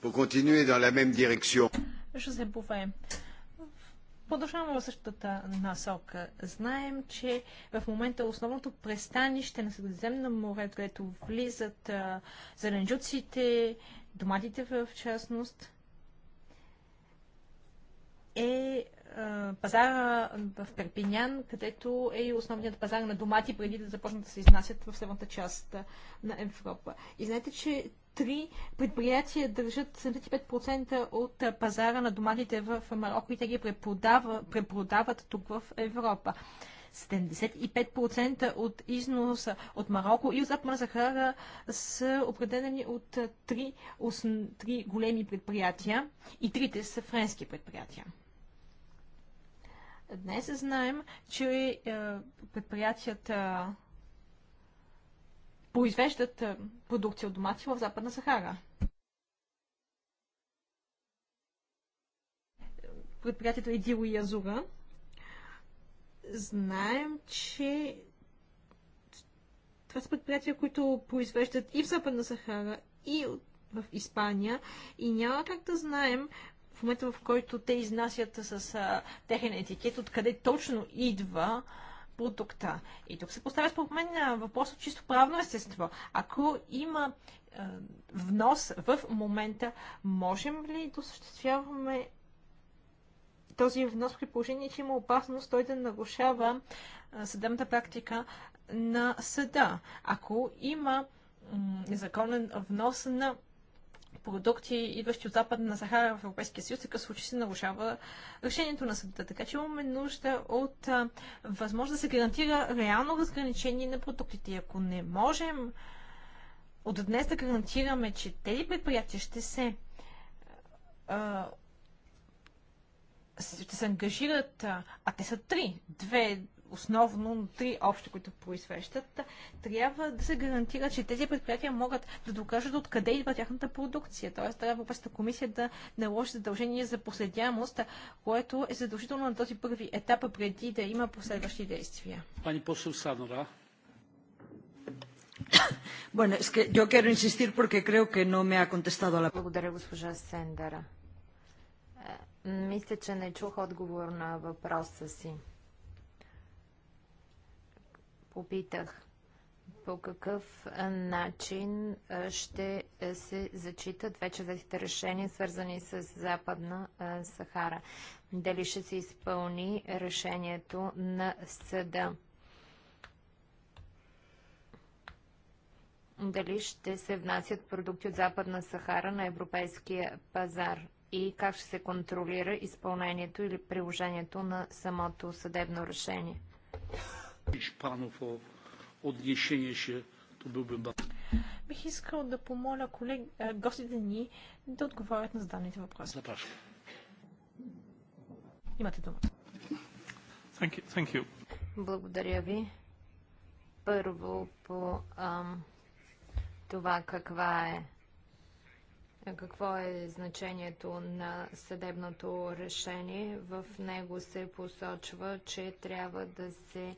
pour continuer dans la même direction. продължаваме в същата насока. Знаем, че в момента основното престанище на Средиземно море, където влизат а, зеленчуците, доматите в частност, е а, пазара в Перпинян, където е и основният пазар на домати преди да започнат да се изнасят в северната част на Европа. И знаете, че три предприятия държат 75% от пазара на доматите в Марокко и те ги препродава, препродават тук в Европа. 75% от износа от Марокко и от Западна Сахара са определени от три, осн... три големи предприятия и трите са френски предприятия. Днес знаем, че предприятията произвеждат е, продукция от домати в Западна Сахара. Предприятието Едило и Азура. Знаем, че това са предприятия, които произвеждат и в Западна Сахара, и в Испания. И няма как да знаем в момента, в който те изнасят с техен етикет, откъде точно идва а, продукта. И тук се поставя според мен въпрос от чисто правно естество. Ако има е, внос в момента, можем ли да осъществяваме този внос при положение, че има опасност той да нарушава е, съдебната практика на съда? Ако има незаконен внос на продукти, идващи от западна Сахара в Европейския съюз, такъв случай се нарушава решението на съда. Така че имаме нужда от възможност да се гарантира реално разграничение на продуктите. Ако не можем от днес да гарантираме, че тези предприятия ще се ще се ангажират, а те са три, две, основно три общи, които произвеждат, трябва да се гарантира, че тези предприятия могат да докажат откъде идва тяхната продукция. Тоест, трябва Европейската комисия да наложи задължение за последямост, което е задължително на този първи етап, преди да има последващи действия. Пани посол Санова. Bueno, es que yo quiero insistir porque creo que no me ha contestado la... Благодаря, госпожа Сендера. Е, мисля, че не чух отговор на въпроса си попитах по какъв начин ще се зачитат вече взетите решения, свързани с Западна Сахара. Дали ще се изпълни решението на съда? Дали ще се внасят продукти от Западна Сахара на европейския пазар? И как ще се контролира изпълнението или приложението на самото съдебно решение? Бих искал да помоля колеги, е, гостите ни да отговорят на зададените въпроси. Запрашвам. Имате думата. Thank you. Thank you. Благодаря ви. Първо по ам, това каква е какво е значението на съдебното решение? В него се посочва, че трябва да се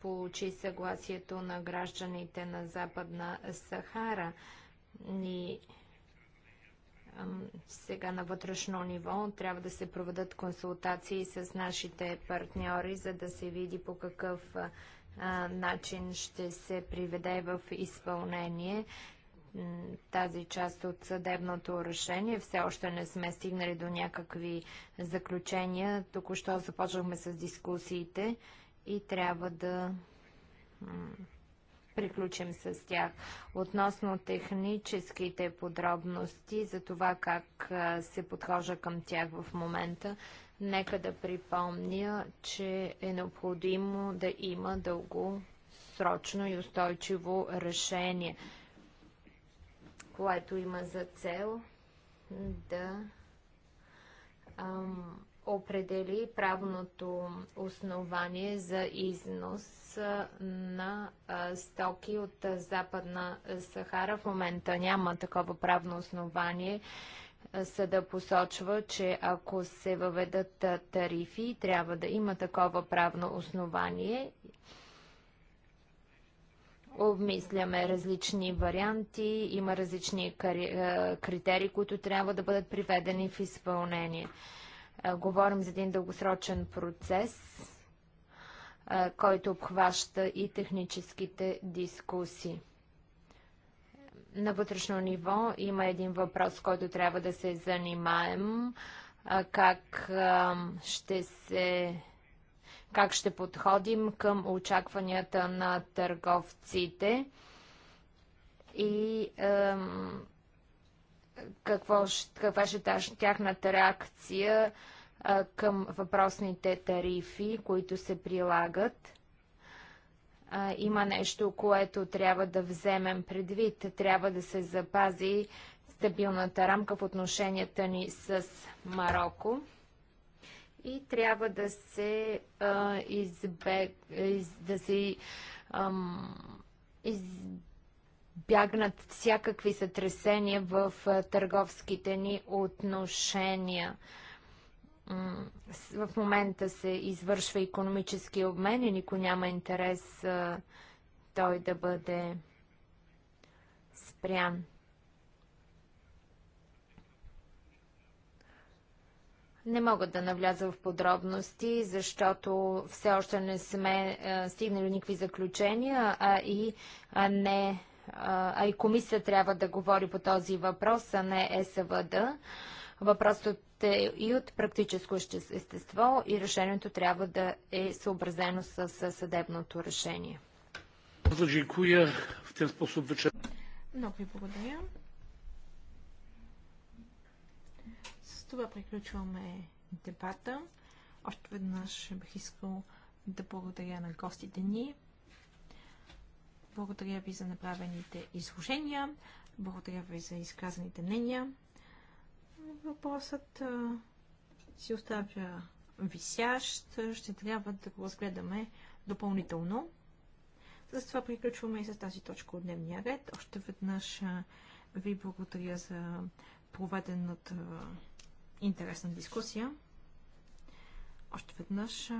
получи съгласието на гражданите на Западна Сахара. И сега на вътрешно ниво трябва да се проведат консултации с нашите партньори, за да се види по какъв начин ще се приведе в изпълнение тази част от съдебното решение. Все още не сме стигнали до някакви заключения. Току-що започнахме с дискусиите и трябва да приключим с тях. Относно техническите подробности за това как се подхожа към тях в момента, нека да припомня, че е необходимо да има дългосрочно и устойчиво решение, което има за цел да ам, определи правното основание за износ на стоки от Западна Сахара. В момента няма такова правно основание. Съда посочва, че ако се въведат тарифи, трябва да има такова правно основание. Обмисляме различни варианти, има различни критерии, които трябва да бъдат приведени в изпълнение. Е, говорим за един дългосрочен процес, е, който обхваща и техническите дискусии. На вътрешно ниво има един въпрос, който трябва да се занимаем. Е, как ще се как ще подходим към очакванията на търговците и какво, каква ще е тяхната реакция а, към въпросните тарифи, които се прилагат. А, има нещо, което трябва да вземем предвид. Трябва да се запази стабилната рамка в отношенията ни с Марокко и трябва да се а, избег, из, да се ам, избег избягнат всякакви сътресения в търговските ни отношения. В момента се извършва економически обмен и никой няма интерес той да бъде спрян. Не мога да навляза в подробности, защото все още не сме стигнали никакви заключения, а и не а и комисия трябва да говори по този въпрос, а не ЕСВД. Въпросът е и от практическо естество и решението трябва да е съобразено с съдебното решение. Много ви благодаря. С това приключваме дебата. Още веднъж бих искал да благодаря на гостите ни. Благодаря ви за направените изложения. Благодаря ви за изказаните мнения. Въпросът а, си оставя висящ. Ще трябва да го разгледаме допълнително. За това приключваме и с тази точка от дневния ред. Още веднъж а, ви благодаря за проведената интересна дискусия. Още веднъж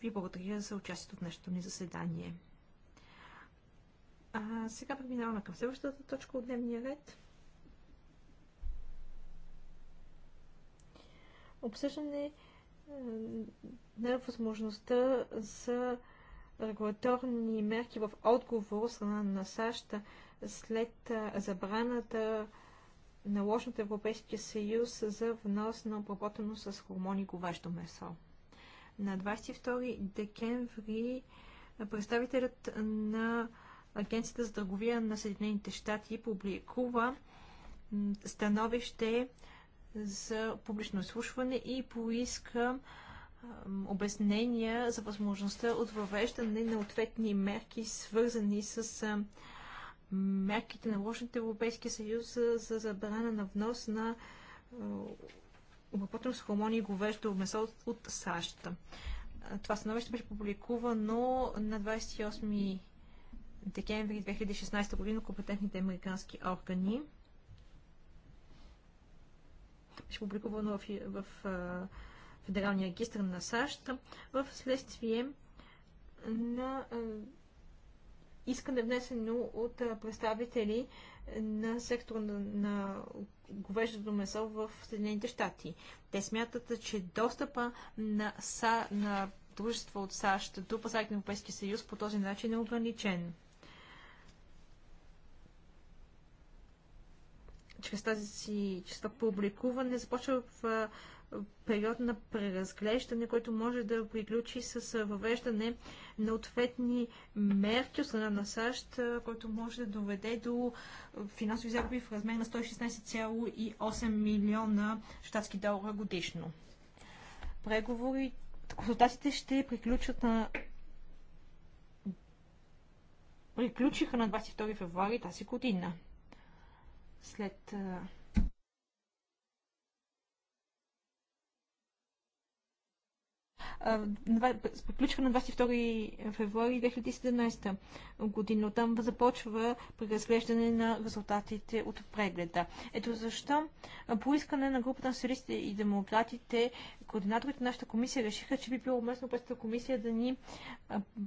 ви благодаря за участието в днешното ни заседание. А сега преминаваме към следващата точка от дневния ред. Обсъждане на възможността за регулаторни мерки в отговор страна на САЩ след забраната на от Европейския съюз за внос на обработено с хормони говаждо месо. На 22 декември представителят на Агенцията за търговия на Съединените щати публикува становище за публично изслушване и поиска обяснения за възможността от въвеждане на ответни мерки, свързани с мерките на ЛОшните Европейския съюз за забрана на внос на обработено с хормони и говеждо месо от, от САЩ. Това становище беше публикувано на 28 декември 2016 година компетентните американски органи. Беше публикувано в, в, в Федералния регистр на САЩ в следствие на искане внесено от представители на сектора на, на говеждото месо в Съединените щати. Те смятат, че достъпа на, са, на дружества от САЩ до пазарите на Европейския съюз по този начин е ограничен. Чрез тази си чрез публикуване започва в период на преразглеждане, който може да приключи с въвеждане на ответни мерки от страна на САЩ, който може да доведе до финансови загуби в размер на 116,8 милиона щатски долара годишно. Преговори, консултациите ще приключат на приключиха на 22 февруари тази година. След приключва на 22 февруари 2017 година. Оттам започва преразглеждане на резултатите от прегледа. Ето защо по искане на групата на социалистите и демократите, координаторите на нашата комисия решиха, че би било уместно през комисия да ни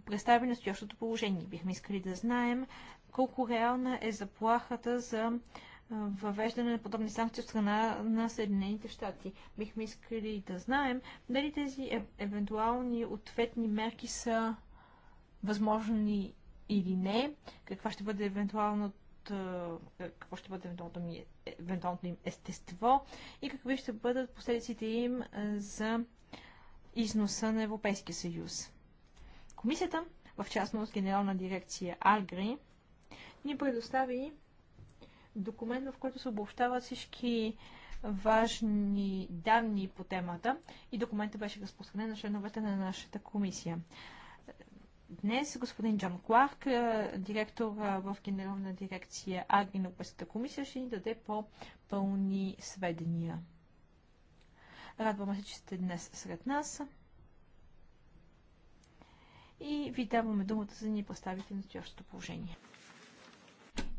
представи настоящото положение. Бихме искали да знаем колко реална е заплахата за въвеждане на подобни санкции от страна на Съединените щати. Бихме искали да знаем дали тези е евентуални ответни мерки са възможни или не, каква ще бъде евентуалното какво ще бъде евентуалното, ми, евентуалното им естество и какви ще бъдат последиците им за износа на Европейския съюз. Комисията, в частност Генерална дирекция Агри, ни предостави документ, в който се обобщават всички важни данни по темата и документът беше разпространен на членовете на нашата комисия. Днес господин Джон Кларк, е, директор е, в Генерална дирекция Агри на комисия, ще ни даде по-пълни сведения. Радваме се, че сте днес сред нас. И ви даваме думата за да ни представите настоящото положение.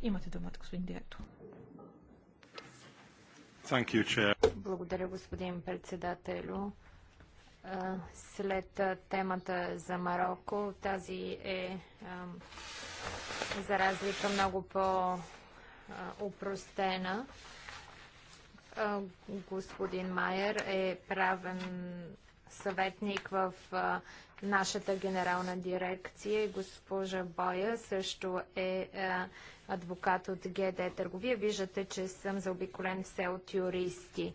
Имате думата, господин директор. Благодаря, господин председателю. След темата за Марокко, тази е за разлика много по-упростена. Господин Майер е правен съветник в нашата генерална дирекция и госпожа Боя също е, е адвокат от ГД Търговия. Виждате, че съм заобиколен все от юристи.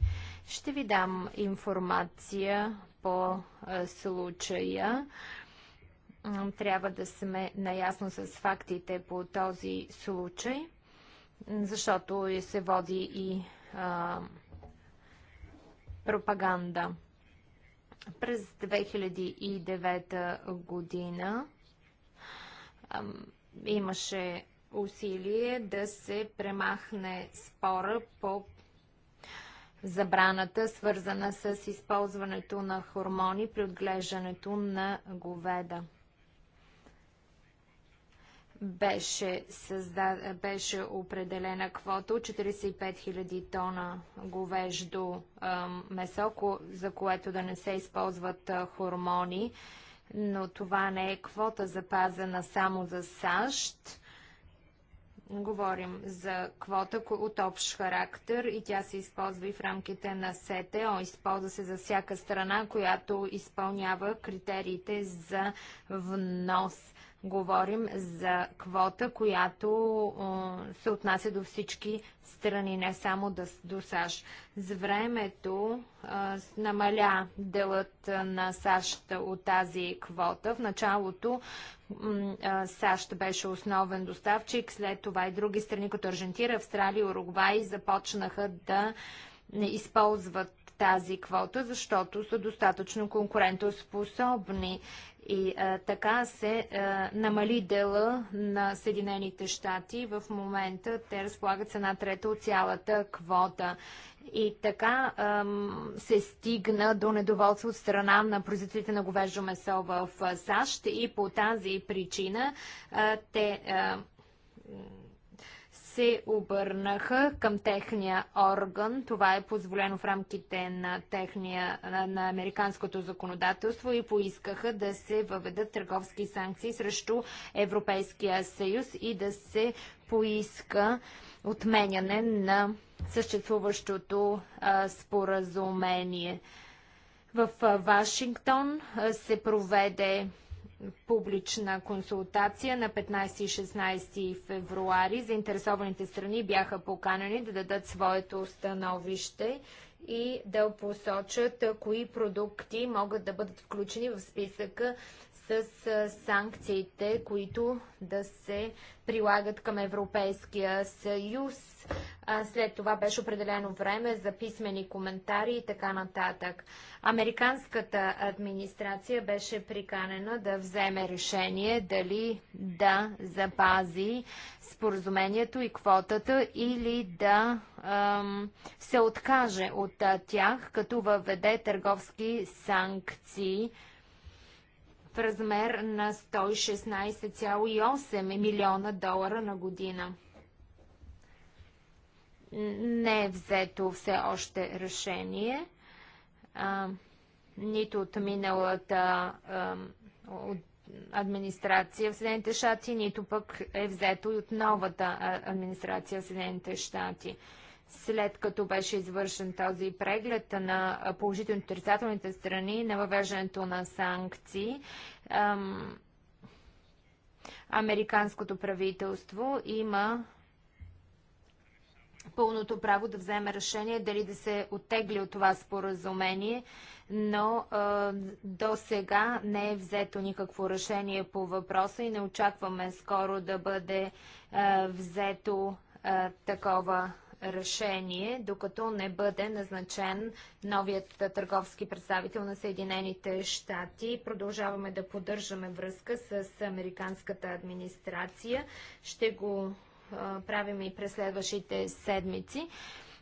Ще ви дам информация по е, случая. Трябва да сме наясно с фактите по този случай, защото се води и пропаганда. През 2009 година имаше усилие да се премахне спора по забраната, свързана с използването на хормони при отглеждането на говеда беше, създа... беше определена квота от 45 000 тона говеждо месо, за което да не се използват хормони, но това не е квота запазена само за САЩ. Говорим за квота от общ характер и тя се използва и в рамките на СТО. Използва се за всяка страна, която изпълнява критериите за внос говорим за квота, която се отнася до всички страни, не само до САЩ. С времето намаля делът на САЩ от тази квота. В началото САЩ беше основен доставчик, след това и други страни, като Аржентира, Австралия, Уругвай, започнаха да използват тази квота, защото са достатъчно конкурентоспособни и а, така се а, намали дела на Съединените щати. В момента те разполагат с една трета от цялата квота. И така ам, се стигна до недоволство от страна на производителите на говеждо месо в САЩ и по тази причина а, те а, се обърнаха към техния орган. Това е позволено в рамките на, техния, на американското законодателство и поискаха да се въведат търговски санкции срещу Европейския съюз и да се поиска отменяне на съществуващото а, споразумение. В Вашингтон се проведе публична консултация на 15 и 16 февруари. Заинтересованите страни бяха поканени да дадат своето становище и да посочат кои продукти могат да бъдат включени в списъка с санкциите, които да се прилагат към Европейския съюз. След това беше определено време за писмени коментари и така нататък. Американската администрация беше приканена да вземе решение дали да запази споразумението и квотата или да ем, се откаже от тях, като въведе търговски санкции в размер на 116,8 милиона долара на година не е взето все още решение, а, нито от миналата а, от администрация в Съединените щати, нито пък е взето и от новата администрация в Съединените щати. След като беше извършен този преглед на положително отрицателните страни на въвеждането на санкции, ам, американското правителство има пълното право да вземе решение дали да се оттегли от това споразумение, но а, до сега не е взето никакво решение по въпроса и не очакваме скоро да бъде а, взето а, такова решение, докато не бъде назначен новият търговски представител на Съединените щати. Продължаваме да поддържаме връзка с американската администрация. Ще го правим и през следващите седмици.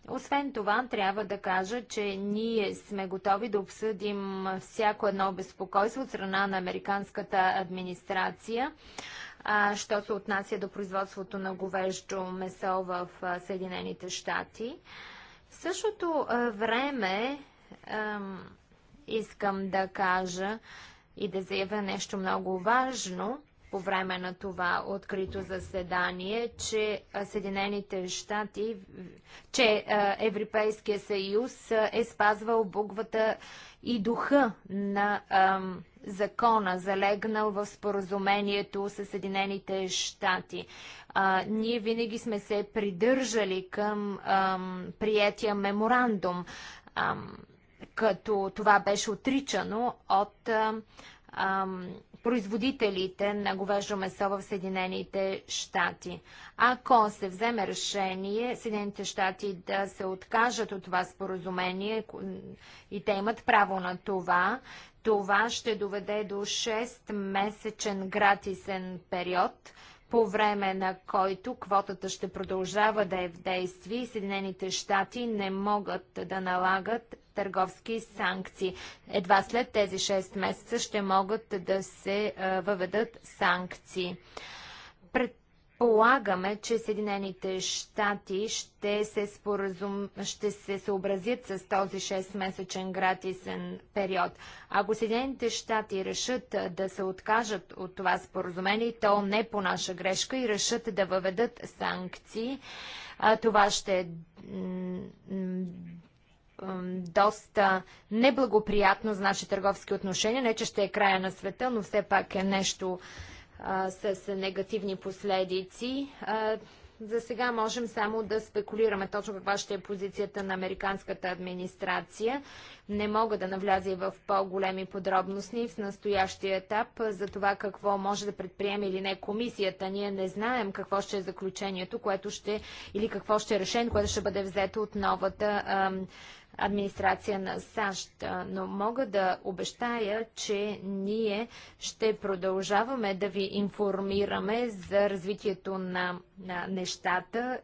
Освен това, трябва да кажа, че ние сме готови да обсъдим всяко едно безпокойство от страна на американската администрация, а, що се отнася до производството на говеждо месо в а, Съединените щати. В същото а, време искам да кажа и да заявя нещо много важно – по време на това открито заседание, че Съединените щати, че Европейския съюз е спазвал буквата и духа на ам, закона, залегнал в споразумението с Съединените щати. А, ние винаги сме се придържали към ам, приятия меморандум, ам, като това беше отричано от ам, производителите на говежо месо в Съединените щати. Ако се вземе решение Съединените щати да се откажат от това споразумение и те имат право на това, това ще доведе до 6-месечен гратисен период – по време на който квотата ще продължава да е в действие и Съединените щати не могат да налагат търговски санкции. Едва след тези 6 месеца ще могат да се въведат санкции. Пред предполагаме, че Съединените щати ще се, споразум... ще се съобразят с този 6-месечен гратисен период. Ако Съединените щати решат да се откажат от това споразумение, то не по наша грешка и решат да въведат санкции, това ще е доста неблагоприятно за наши търговски отношения. Не, че ще е края на света, но все пак е нещо а, с негативни последици. А, за сега можем само да спекулираме точно каква ще е позицията на американската администрация. Не мога да навляза и в по-големи подробности в настоящия етап за това какво може да предприеме или не комисията. Ние не знаем какво ще е заключението, което ще или какво ще е решение, което ще бъде взето от новата ам, администрация на САЩ, но мога да обещая, че ние ще продължаваме да ви информираме за развитието на, на нещата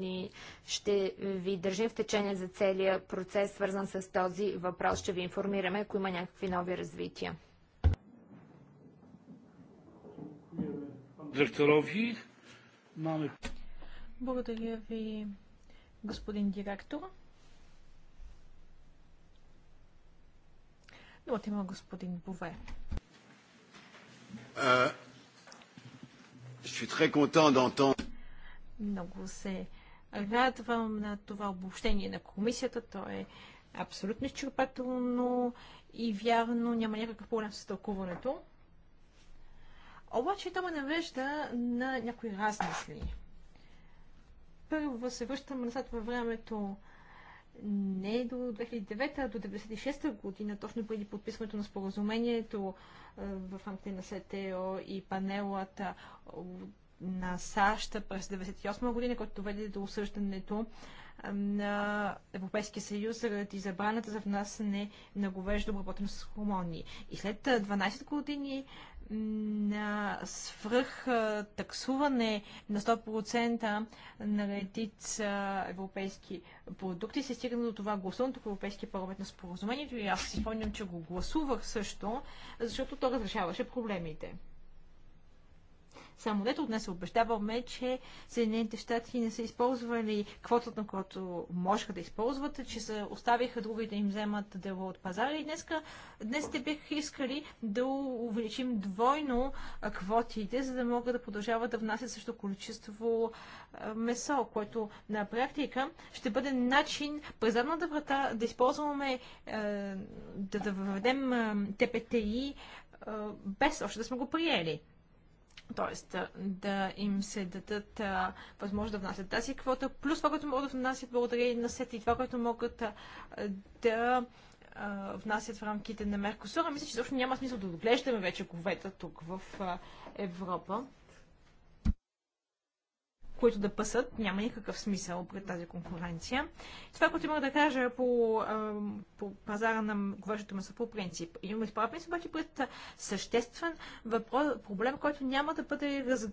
и ще ви държим в течение за целия процес, свързан с този въпрос. Ще ви информираме, ако има някакви нови развития. Директорови, Благодаря ви, господин директор. Думата има господин Бове. Много се радвам на това обобщение на комисията. То е абсолютно изчерпателно и вярно. Няма някакъв проблем с тълкуването. Обаче това ме навежда на някои размисли. Първо се връщам назад във времето не до 2009, а до 1996 година, точно преди подписването на споразумението е, в рамките на СТО и панелата е, на САЩ през 1998 година, който доведе до осъждането на Европейския съюз заради забраната за внасяне на говеждо обработено с хормони. И след 12 години на свръх таксуване на 100% на редица европейски продукти се стигна до това гласуването в Европейския парламент на споразумението и аз си спомням, че го гласувах също, защото то разрешаваше проблемите. Само дето днес обещаваме, че Съединените щати не са използвали квотата, на която можеха да използват, че се оставиха други да им вземат дело от пазара. И днеска, днес те бих искали да увеличим двойно квотите, за да могат да продължават да внасят също количество месо, което на практика ще бъде начин през задната врата да използваме, да, да въведем ТПТИ без още да сме го приели. Тоест да им се дадат възможност да внасят тази квота, плюс това, което могат да внасят благодарение на сети и това, което могат да внасят в рамките на Меркосура. Мисля, че също няма смисъл да отглеждаме вече говета тук в Европа които да пъсат, Няма никакъв смисъл пред тази конкуренция. Това, което имах да кажа по, по пазара на говеждото месо по принцип. Имаме изправени се обаче пред съществен въпрос, проблем, който няма да бъде раз,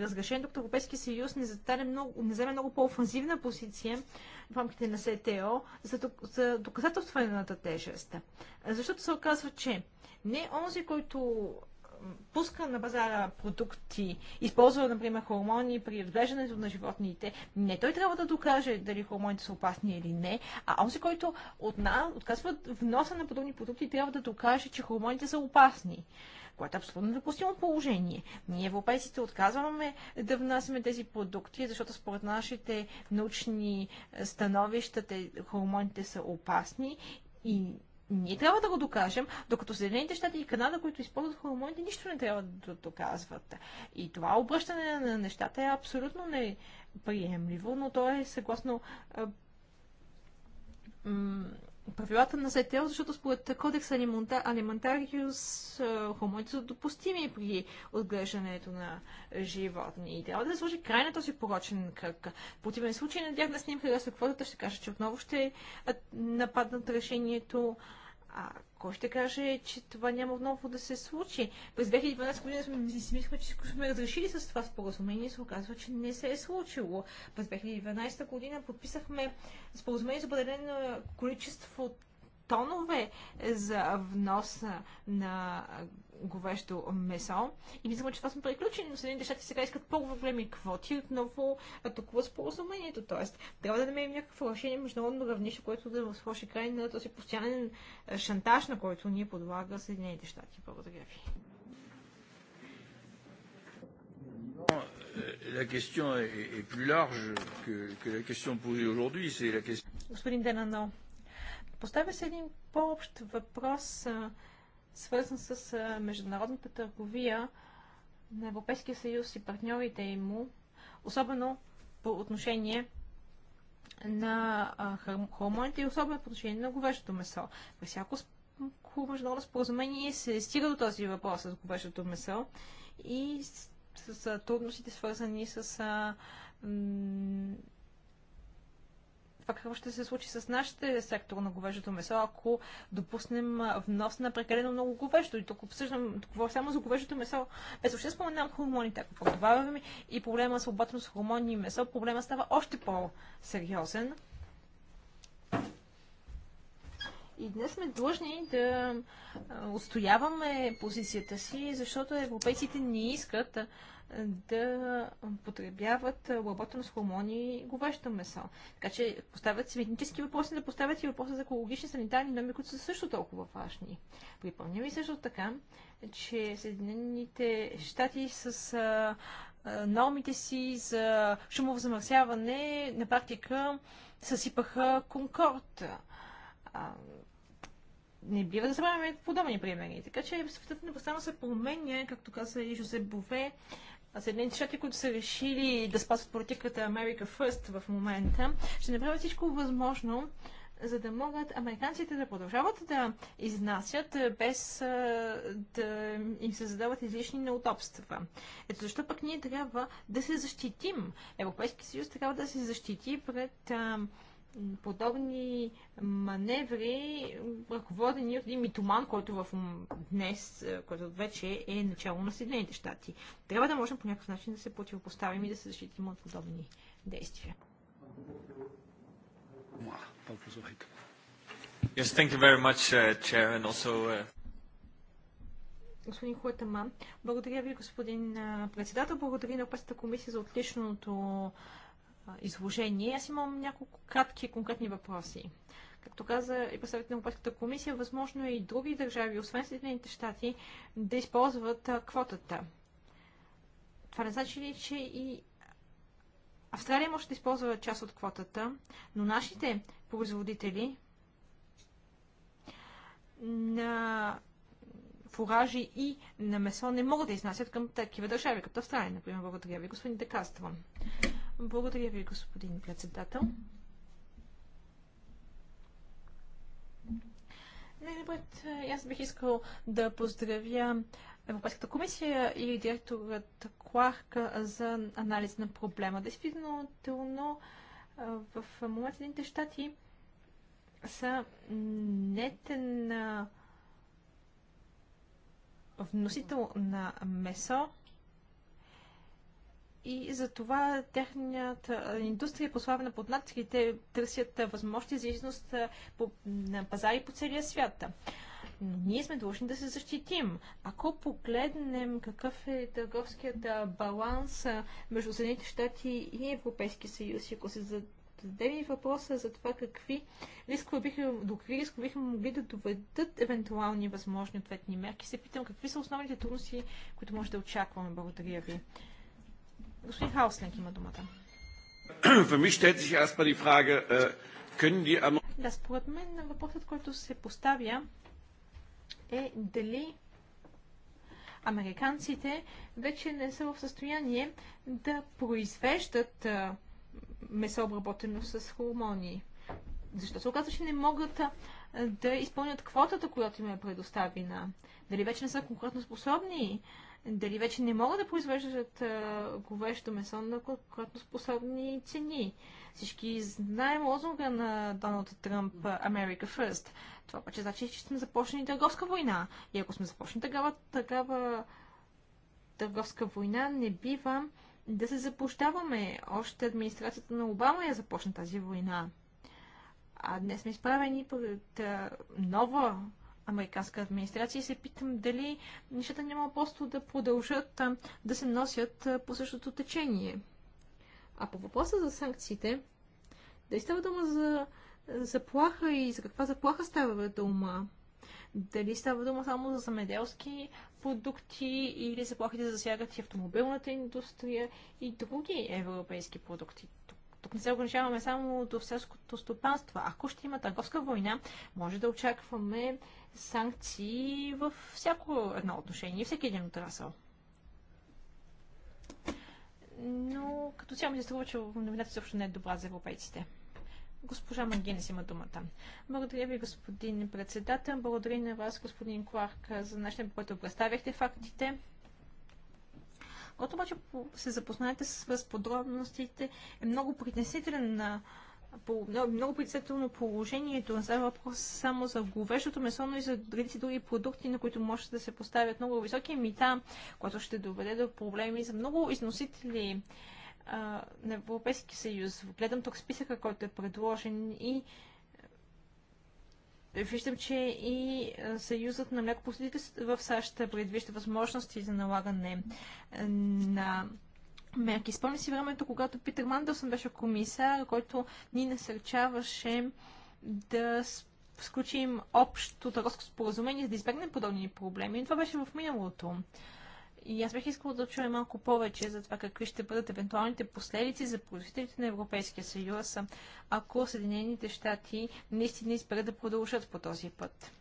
разрешен, докато Европейския съюз не, много, не вземе много по-офанзивна позиция в рамките на СТО за, за доказателствената тежест. Защото се оказва, че не онзи, който пуска на базара продукти, използва, например, хормони при отглеждането на животните, не той трябва да докаже дали хормоните са опасни или не, а онзи, който от нас, отказва вноса на подобни продукти, трябва да докаже, че хормоните са опасни което е абсолютно недопустимо положение. Ние, европейците, отказваме да внасяме тези продукти, защото според нашите научни становища те, хормоните са опасни и ние трябва да го докажем, докато Съединените щати и Канада, които използват хормоните, нищо не трябва да доказват. И това обръщане на нещата е абсолютно неприемливо, но то е съгласно правилата на ЗТЛ, защото според кодекса Алиментариус хормоните са допустими при отглеждането на животни. И трябва да сложи край на този порочен кръг. В противен случай на да снимка да се квотата ще кажа, че отново ще нападнат решението а кой ще каже, че това няма отново да се случи? През 2012 година сме си мислили, че сме разрешили с това споразумение и се оказва, че не се е случило. През 2012 година подписахме споразумение за определено количество тонове за внос на говещо месо. И мисля, че това сме приключили, но Съединените щати сега искат по-големи квоти отново атакува споразумението. Тоест, трябва да намерим някакво решение международно равнище, което да сложи край на този постоянен шантаж, на който ни подлага Съединените щати. Благодаря ви. Euh, la question est, plus large que, que la question posée aujourd'hui. C'est la question. Господин Денано, поставя се един по-общ въпрос свързан с международната търговия на Европейския съюз и партньорите му, особено по отношение на хормоните и особено по отношение на говеждото месо. При всяко международно споразумение се стига до този въпрос с говеждото месо и с, трудностите, свързани с това какво ще се случи с нашите сектор на говеждото месо, ако допуснем внос на прекалено много говеждо. И тук обсъждам, тук говоря само за говеждото месо. Без въобще споменам хормоните. Ако подобаваме и проблема с обратно с хормони и месо, проблема става още по-сериозен. И днес сме длъжни да отстояваме позицията си, защото европейците не искат да потребяват обработено с хормони и говещо месо. Така че поставят си етнически въпроси, да поставят и въпроса за екологични санитарни норми, които са също толкова важни. Припомням и също така, че Съединените щати с а, а, нормите си за шумово замърсяване на практика съсипаха Конкорд. А, не бива да забравяме подобни примери. Така че светът непостоянно се променя, както каза и Жозеп Бове, Съединените щати, които са решили да спасват политиката America First в момента, ще направят всичко възможно, за да могат американците да продължават да изнасят, без да им се задават излишни неудобства. Ето защо пък ние трябва да се защитим. Европейския съюз трябва да се защити пред а, подобни маневри, ръководени от един митоман, който в днес, е, който вече е начало на Съединените щати. Трябва да можем по някакъв начин да се противопоставим и да се защитим от подобни действия. Yes, thank you very much, uh, Chair, and also uh господин Хуетаман. Благодаря ви, господин председател. Благодаря на Опасната комисия за отличното изложение. Аз имам няколко кратки конкретни въпроси. Както каза и представител на Европейската комисия, възможно е и други държави, освен Съединените щати, да използват квотата. Това не значи ли, че и Австралия може да използва част от квотата, но нашите производители на фуражи и на месо не могат да изнасят към такива държави, като Австралия, например. Благодаря ви, господин Декастро. Благодаря ви, господин председател. Най-напред, е, аз бих искал да поздравя Европейската комисия и директорът Кларка за анализ на проблема. Действително, е, в момента Съединените щати са нетен е, вносител на месо и за това тяхната индустрия е пославена под натиск и те търсят възможности за износ на пазари по целия свят. Но ние сме длъжни да се защитим. Ако погледнем какъв е търговският баланс между Съединените щати и Европейски съюз, ако се зададе въпроса за това какви рискове биха, до какви рискове биха могли да доведат евентуални възможни ответни мерки, се питам какви са основните трудности, които може да очакваме. Благодаря ви. Господин Хауслинг има думата. Äh, да, според мен въпросът, който се поставя е дали американците вече не са в състояние да произвеждат месообработено с хормони. Защо се оказва, че не могат да изпълнят квотата, която им е предоставена? Дали вече не са конкретно способни дали вече не могат да произвеждат говещо месо на конкретно способни цени. Всички знаем лозунга на Доналд Тръмп America First. Това обаче значи, че сме започнали търговска война. И ако сме започнали такава, такава търговска война, не бива да се запущаваме. Още администрацията на Обама я започна тази война. А днес сме изправени пред нова американска администрация и се питам дали нещата няма просто да продължат да се носят по същото течение. А по въпроса за санкциите, дали става дума за заплаха и за каква заплаха става дума? Дали става дума само за замеделски продукти или заплахите засягат и автомобилната индустрия и други европейски продукти? Тук тук не се ограничаваме само до селското стопанство. Ако ще има търговска война, може да очакваме санкции в всяко едно отношение, всеки един отрасъл. Но като цяло ми се струва, че новината също не е добра за европейците. Госпожа Магинес има думата. Благодаря ви, господин председател. Благодаря на вас, господин Кларк, за начинът, по който представяхте фактите. Когато обаче се запознаете с подробностите, е много притеснителен на по, е много притеснително положението. Не става въпрос само за говеждото месо, но и за редици други продукти, на които може да се поставят много високи мита, което ще доведе до проблеми за много износители а, на Европейския съюз. Гледам тук списъка, който е предложен и Виждам, че и Съюзът на млекопосредите в САЩ предвижда възможности за налагане е, на мерки. Спомни си времето, когато Питер Мандълсън беше комисар, който ни насърчаваше да сключим общо търговско споразумение, за да избегнем подобни проблеми. И това беше в миналото. И аз бих искала да чуя малко повече за това какви ще бъдат евентуалните последици за производителите на Европейския съюз, ако Съединените щати наистина изберат да продължат по този път.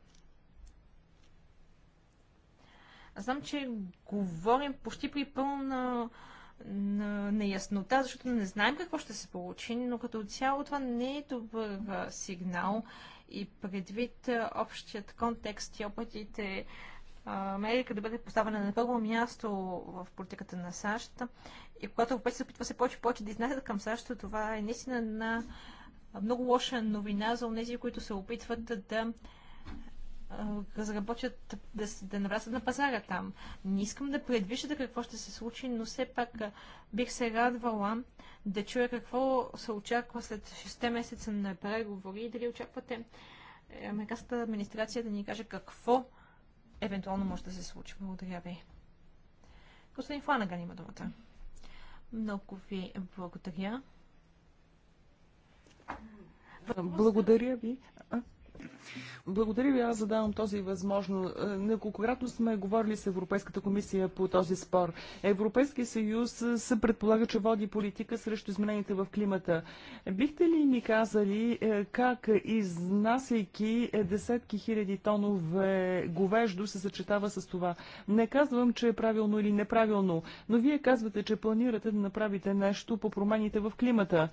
Аз знам, че говорим почти при пълна неяснота, защото не знаем какво ще се получи, но като цяло това не е добър сигнал и предвид общият контекст и опитите Америка да бъде поставена на първо място в политиката на САЩ. И когато се опитва се повече и повече да изнасят към САЩ, това е наистина на много лоша новина за тези, които се опитват да, да разработят, да, да навлязат на пазара там. Не искам да предвижда какво ще се случи, но все пак бих се радвала да чуя какво се очаква след 6 месеца на преговори и дали очаквате е, американската администрация да ни каже какво евентуално може да се случи. Благодаря ви. Господин Фланаган има думата. Много ви благодаря. Благодаря ви. Благодаря ви, аз задавам този възможно. Е, неколкократно сме говорили с Европейската комисия по този спор. Европейския съюз е, се предполага, че води политика срещу измененията в климата. Бихте ли ми казали е, как изнасяйки десетки хиляди тонове говеждо се съчетава с това? Не казвам, че е правилно или неправилно, но вие казвате, че планирате да направите нещо по промените в климата.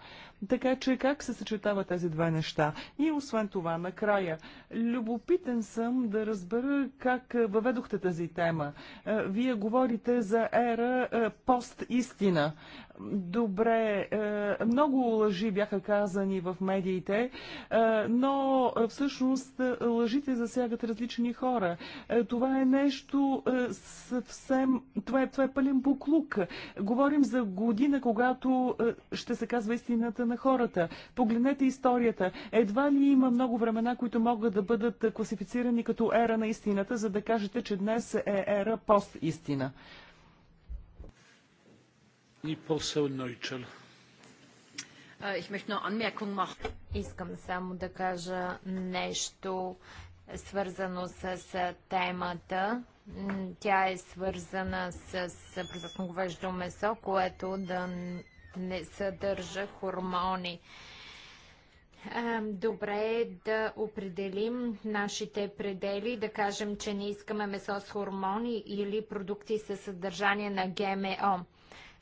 Така че как се съчетават тези две неща? И освен това, накрая, Любопитен съм да разбера как въведохте тази тема. Вие говорите за ера пост-истина. Добре, много лъжи бяха казани в медиите, но всъщност лъжите засягат различни хора. Това е нещо съвсем... Това е, това е пълен буклук. Говорим за година, когато ще се казва истината на хората. Погледнете историята. Едва ли има много времена, които могат да бъдат класифицирани като ера на истината, за да кажете, че днес е ера пост-истина? Е Искам само да кажа нещо свързано с темата. Тя е свързана с прозрачно говеждо месо, което да не съдържа хормони добре е да определим нашите предели, да кажем, че не искаме месо с хормони или продукти със съдържание на ГМО.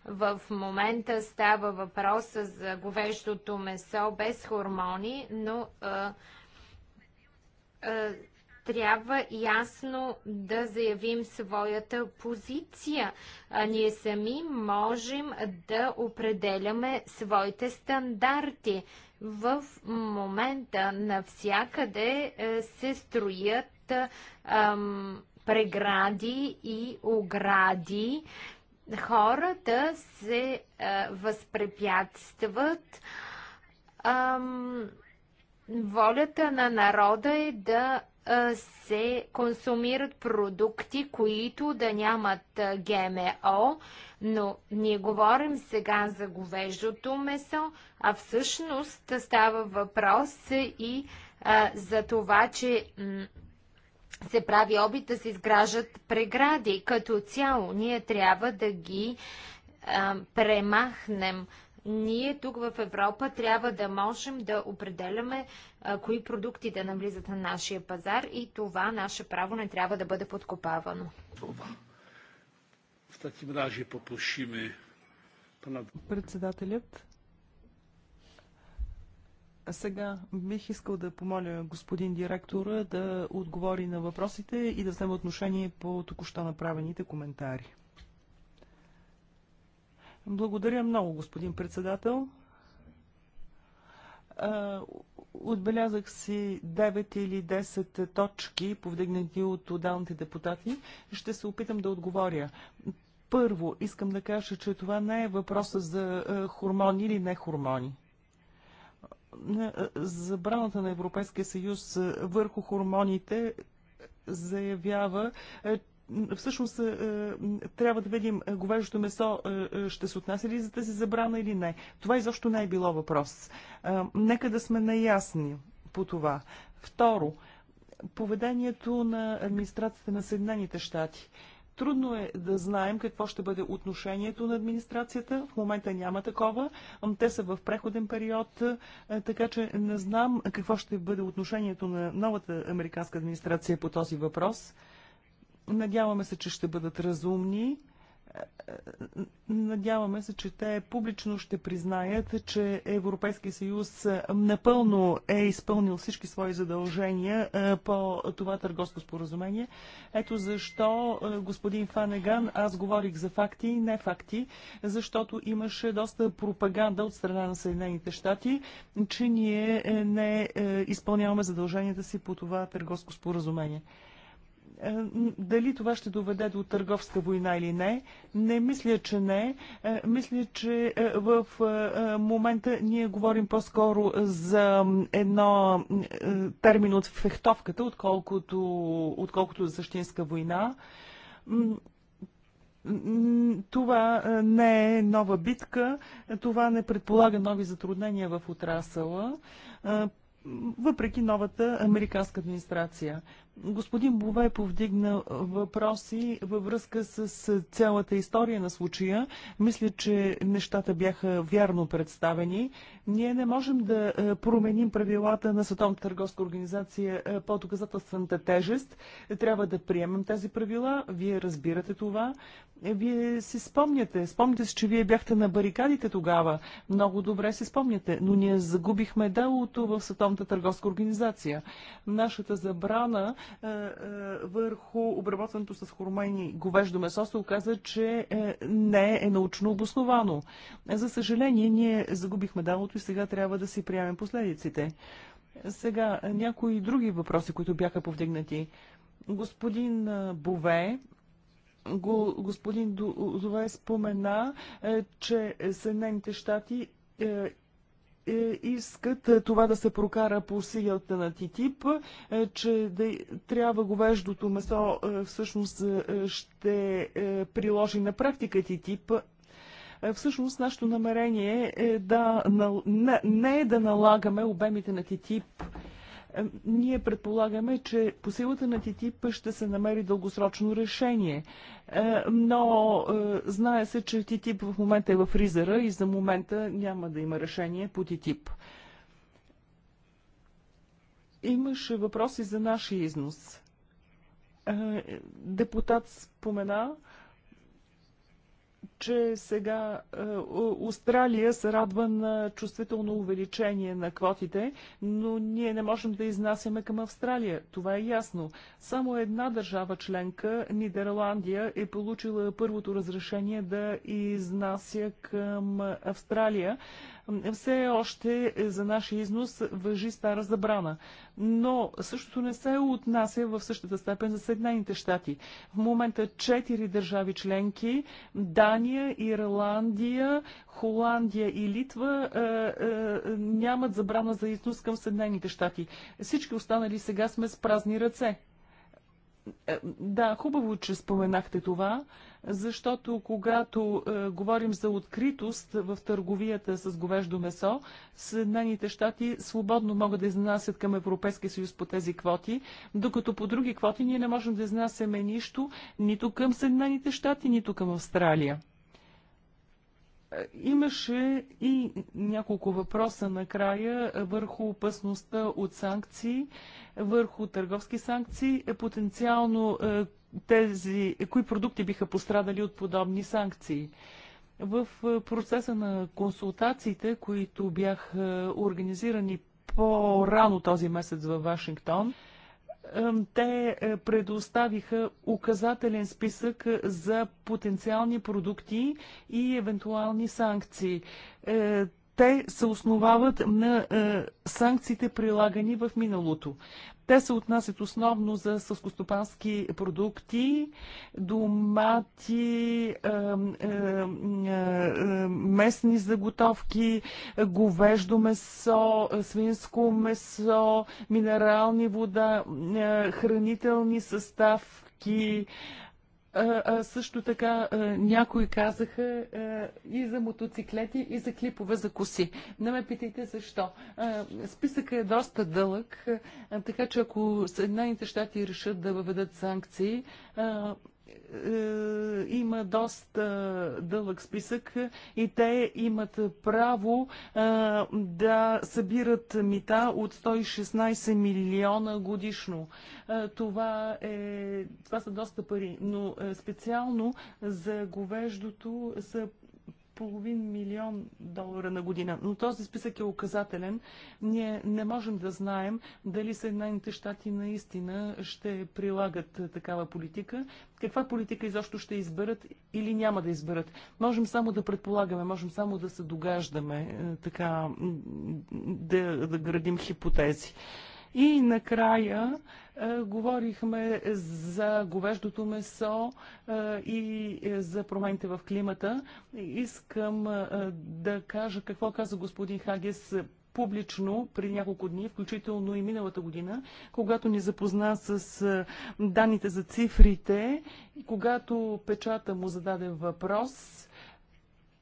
В момента става въпрос за говеждото месо без хормони, но а, а, трябва ясно да заявим своята позиция. А ние сами можем да определяме своите стандарти. В момента навсякъде е, се строят ам, прегради и огради. Хората се а, е, възпрепятстват. Ам, волята на народа е да се консумират продукти, които да нямат ГМО, но ние говорим сега за говеждото месо, а всъщност става въпрос и а, за това, че се прави опит да се изграждат прегради. Като цяло ние трябва да ги а, премахнем ние тук в Европа трябва да можем да определяме а, кои продукти да навлизат на нашия пазар и това наше право не трябва да бъде подкопавано. В таким мражи попрошиме Председателят. А сега бих искал да помоля господин директора да отговори на въпросите и да вземе отношение по току-що направените коментари. Благодаря много, господин председател. Отбелязах си 9 или 10 точки, повдигнати от отдалните депутати. Ще се опитам да отговоря. Първо, искам да кажа, че това не е въпроса за хормони или не хормони. Забраната на Европейския съюз върху хормоните заявява, всъщност е, е, трябва да видим е, говеждото месо ще се отнася ли за тази забрана или не. Това изобщо не е било въпрос. Нека да сме наясни по това. Второ, поведението на администрацията на Съединените щати. Трудно е да знаем какво ще бъде отношението на администрацията. В момента няма такова. Те са в преходен период, така че не знам какво ще бъде отношението на новата американска администрация по този въпрос. Надяваме се, че ще бъдат разумни. Е, е, надяваме се, че те публично ще признаят, че Европейския съюз напълно е изпълнил всички свои задължения е, по това търговско споразумение. Ето защо, господин Фанеган, аз говорих за факти, не факти, защото имаше доста пропаганда от страна на Съединените щати, че ние не изпълняваме задълженията си по това търговско споразумение. Е, дали това ще доведе до търговска война или не, не мисля, че не. Е, мисля, че е, в момента ние говорим по-скоро за едно термин от фехтовката, отколкото, отколкото за същинска война. Това не е нова битка, това не предполага нови затруднения в отрасъла въпреки новата американска администрация. Господин Бове повдигна въпроси във връзка с цялата история на случая. Мисля, че нещата бяха вярно представени. Ние не можем да е, променим правилата на Световната търговска организация е, по доказателствената тежест. Трябва да приемем тези правила. Вие разбирате това. Вие си спомняте. Спомняте си, че вие бяхте на барикадите тогава. Много добре си спомняте. Но ние загубихме делото в Световната търговска организация. Нашата забрана е, е, върху обработването с хормони говеждо месо се оказа, че е, не е научно обосновано. За съжаление, ние загубихме далото и сега трябва да си приемем последиците. Сега, някои други въпроси, които бяха повдигнати. Господин Бове, господин Дове спомена, че Съединените щати е, искат е, това да се прокара по силата на ТИТИП, е, че да, трябва говеждото месо всъщност ще приложи на практика ТИТИП. Всъщност нашето намерение е да, не е да налагаме обемите на ТИТИП е, ние предполагаме, че по силата на ТТИП ще се намери дългосрочно решение. Е, но е, знае се, че ТТИП в момента е в ризера и за момента няма да има решение по ТТИП. Имаше въпроси за нашия износ. Депутат спомена че сега Австралия е, се радва на чувствително увеличение на квотите, но ние не можем да изнасяме към Австралия. Това е ясно. Само една държава членка, Нидерландия, е получила първото разрешение да изнася към Австралия. Все още за нашия износ въжи стара забрана. Но същото не се отнася в същата степен за Съединените щати. В момента четири държави членки, Дания, Дания, Ирландия, Холандия и Литва е, е, нямат забрана за износ към Съединените щати. Всички останали сега сме с празни ръце. Е, да, хубаво, че споменахте това, защото когато е, говорим за откритост в търговията с говеждо месо, Съединените щати свободно могат да изнасят към Европейския съюз по тези квоти, докато по други квоти ние не можем да изнасяме нищо нито към Съединените щати, нито към Австралия. Имаше и няколко въпроса накрая върху опасността от санкции, върху търговски санкции, потенциално е, тези, кои продукти биха пострадали от подобни санкции. В е, процеса на консултациите, които бяха организирани по-рано този месец във Вашингтон, те е, предоставиха указателен списък е, за потенциални продукти и евентуални санкции. Е, те се основават на е, санкциите, прилагани в миналото. Те се отнасят основно за съскостопански продукти, домати, е, е, местни заготовки, говеждо месо, свинско месо, минерални вода, хранителни съставки, а също така някои казаха и за мотоциклети, и за клипове за коси. Не ме питайте защо. Списъка е доста дълъг, така че ако Съединените щати решат да въведат санкции, е, има доста дълъг списък и те имат право да събират мита от 116 милиона годишно. Това, е, това са доста пари, но специално за говеждото са половин милион долара на година. Но този списък е указателен. Ние не можем да знаем дали Съединените щати наистина ще прилагат е, такава политика. Каква политика изобщо ще изберат или няма да изберат. Можем само да предполагаме, можем само да се догаждаме, е, така, да, да градим хипотези. И накрая е, говорихме за говеждото месо е, и за промените в климата. Искам е, да кажа какво каза господин Хагес публично при няколко дни, включително и миналата година, когато ни запозна с е, данните за цифрите, когато печата му зададе въпрос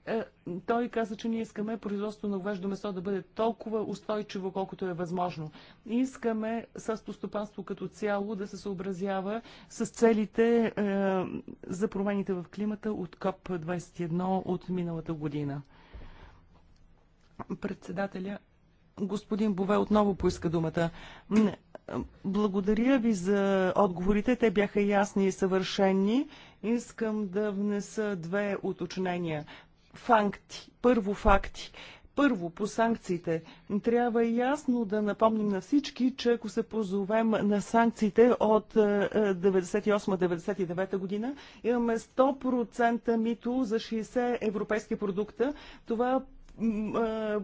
е, той каза, че ние искаме производството на говеждо месо да бъде толкова устойчиво, колкото е възможно. Искаме стопанство като цяло да се съобразява с целите е, за промените в климата от КОП-21 от миналата година. Председателя господин Бове отново поиска думата. Благодаря ви за отговорите. Те бяха ясни и съвършенни. Искам да внеса две уточнения факти. Първо факти. Първо, по санкциите. Трябва ясно да напомним на всички, че ако се позовем на санкциите от 98-99 е, година, имаме 100% мито за 60 европейски продукта. Това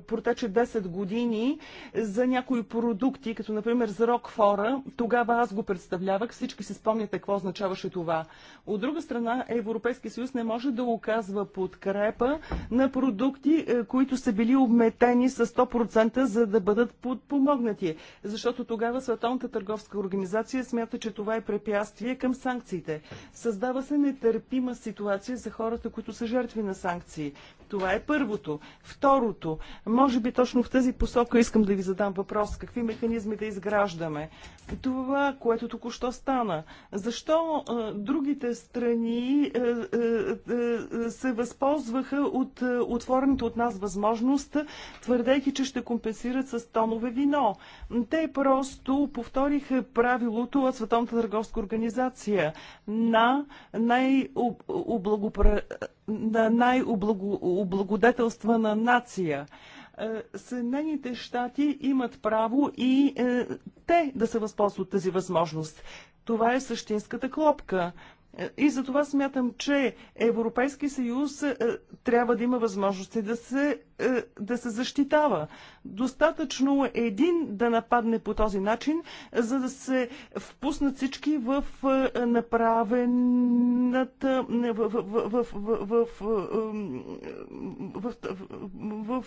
протече 10 години за някои продукти, като например за Рокфора. Тогава аз го представлявах. Всички си спомняте какво означаваше това. От друга страна, Европейския съюз не може да оказва подкрепа на продукти, е, които са били обметени с 100% за да бъдат подпомогнати. Защото тогава Световната търговска организация смята, че това е препятствие към санкциите. Създава се нетърпима ситуация за хората, които са жертви на санкции. Това е първото. Второто, може би точно в тази посока искам да ви задам въпрос. Какви механизми да изграждаме? Това, което току-що стана. Защо а, другите страни а, а, се възползваха от отворената от нас възможност, твърдейки, че ще компенсират с тонове вино? Те просто повториха правилото от Световната търговска организация на най-облагоприятната на най-облагодетелствана нация. Е, Съединените щати имат право и е, те да се възползват тази възможност. Това е същинската клопка. И за това смятам, че Европейски съюз трябва да има възможности да се, да се защитава. Достатъчно е един да нападне по този начин, за да се впуснат всички в направената в, в, в, в,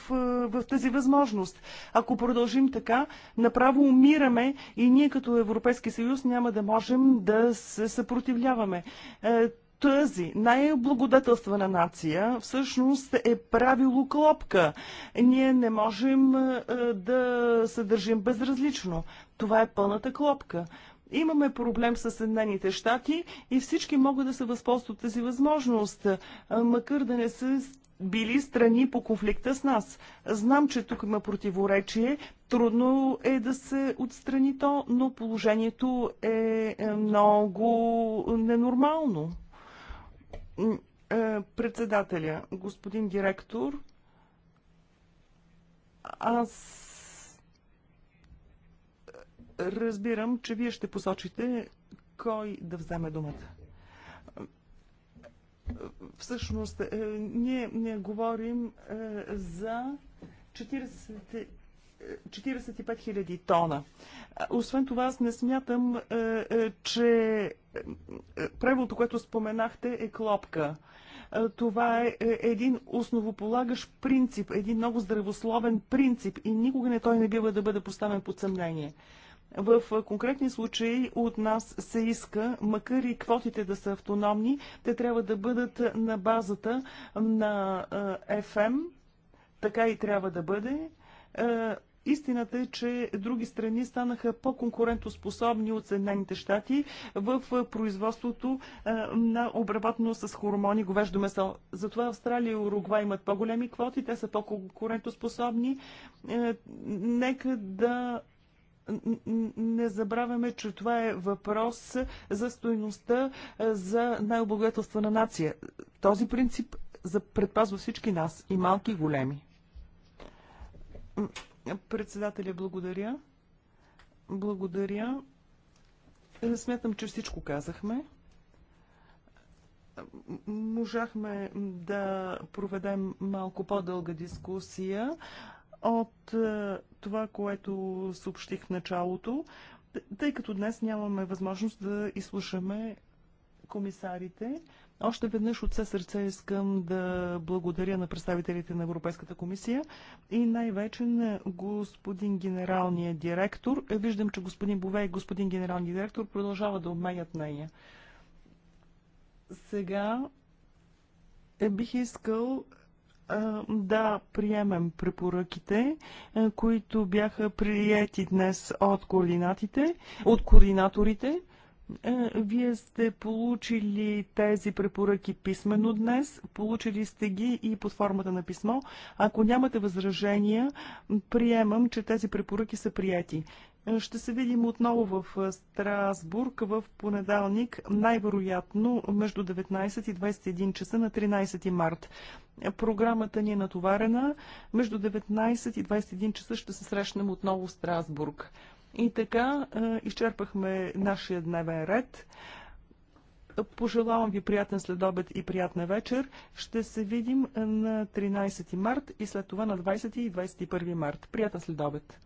в тази възможност. Ако продължим така, направо умираме и ние като Европейски съюз няма да можем да се съпротивляваме. Е, тази най благодателствана нация всъщност е правило клопка. Ние не можем е, да се държим безразлично. Това е пълната клопка. Имаме проблем с Съединените щати и всички могат да се възползват тази възможност, е, макар да не са били страни по конфликта с нас. Знам, че тук има противоречие. Трудно е да се отстрани то, но положението е, е много ненормално. Е, председателя, господин директор, аз разбирам, че вие ще посочите кой да вземе думата. Всъщност, е, ние, ние говорим за 45 000 тона. Освен това, аз не смятам, е, е, че е, правилото, което споменахте, е клопка. Това е един основополагащ принцип, един много здравословен принцип и никога не той не бива да бъде поставен под съмнение. В конкретни случаи от нас се иска, макар и квотите да са автономни, те трябва да бъдат на базата на FM, така и трябва да бъде Истината е, че други страни станаха по-конкурентоспособни от Съединените щати в производството на обработено с хормони говеждо месо. Затова Австралия и Уругвай имат по-големи квоти, те са по-конкурентоспособни. Нека да не забравяме, че това е въпрос за стойността за най на нация. Този принцип предпазва всички нас, и малки, и големи. Председателя, благодаря. Благодаря. Смятам, че всичко казахме. Можахме да проведем малко по-дълга дискусия от е, това, което съобщих в началото, тъй като днес нямаме възможност да изслушаме комисарите. Още веднъж от все сърце искам да благодаря на представителите на Европейската комисия и най-вече на господин генералния директор. Виждам, че господин Бове и господин генералния директор продължават да обменят нея. Сега е, бих искал да приемем препоръките, които бяха приети днес от координатите, от координаторите. Е, вие сте получили тези препоръки писменно днес, получили сте ги и под формата на писмо. Ако нямате възражения, приемам, че тези препоръки са прияти. Е, ще се видим отново в е, Страсбург в понеделник, най-вероятно между 19 и 21 часа на 13 март. Програмата ни е натоварена. Между 19 и 21 часа ще се срещнем отново в Страсбург. И така, е, изчерпахме нашия дневен ред. Пожелавам ви приятен следобед и приятна вечер. Ще се видим на 13 март и след това на 20 и 21 март. Приятен следобед!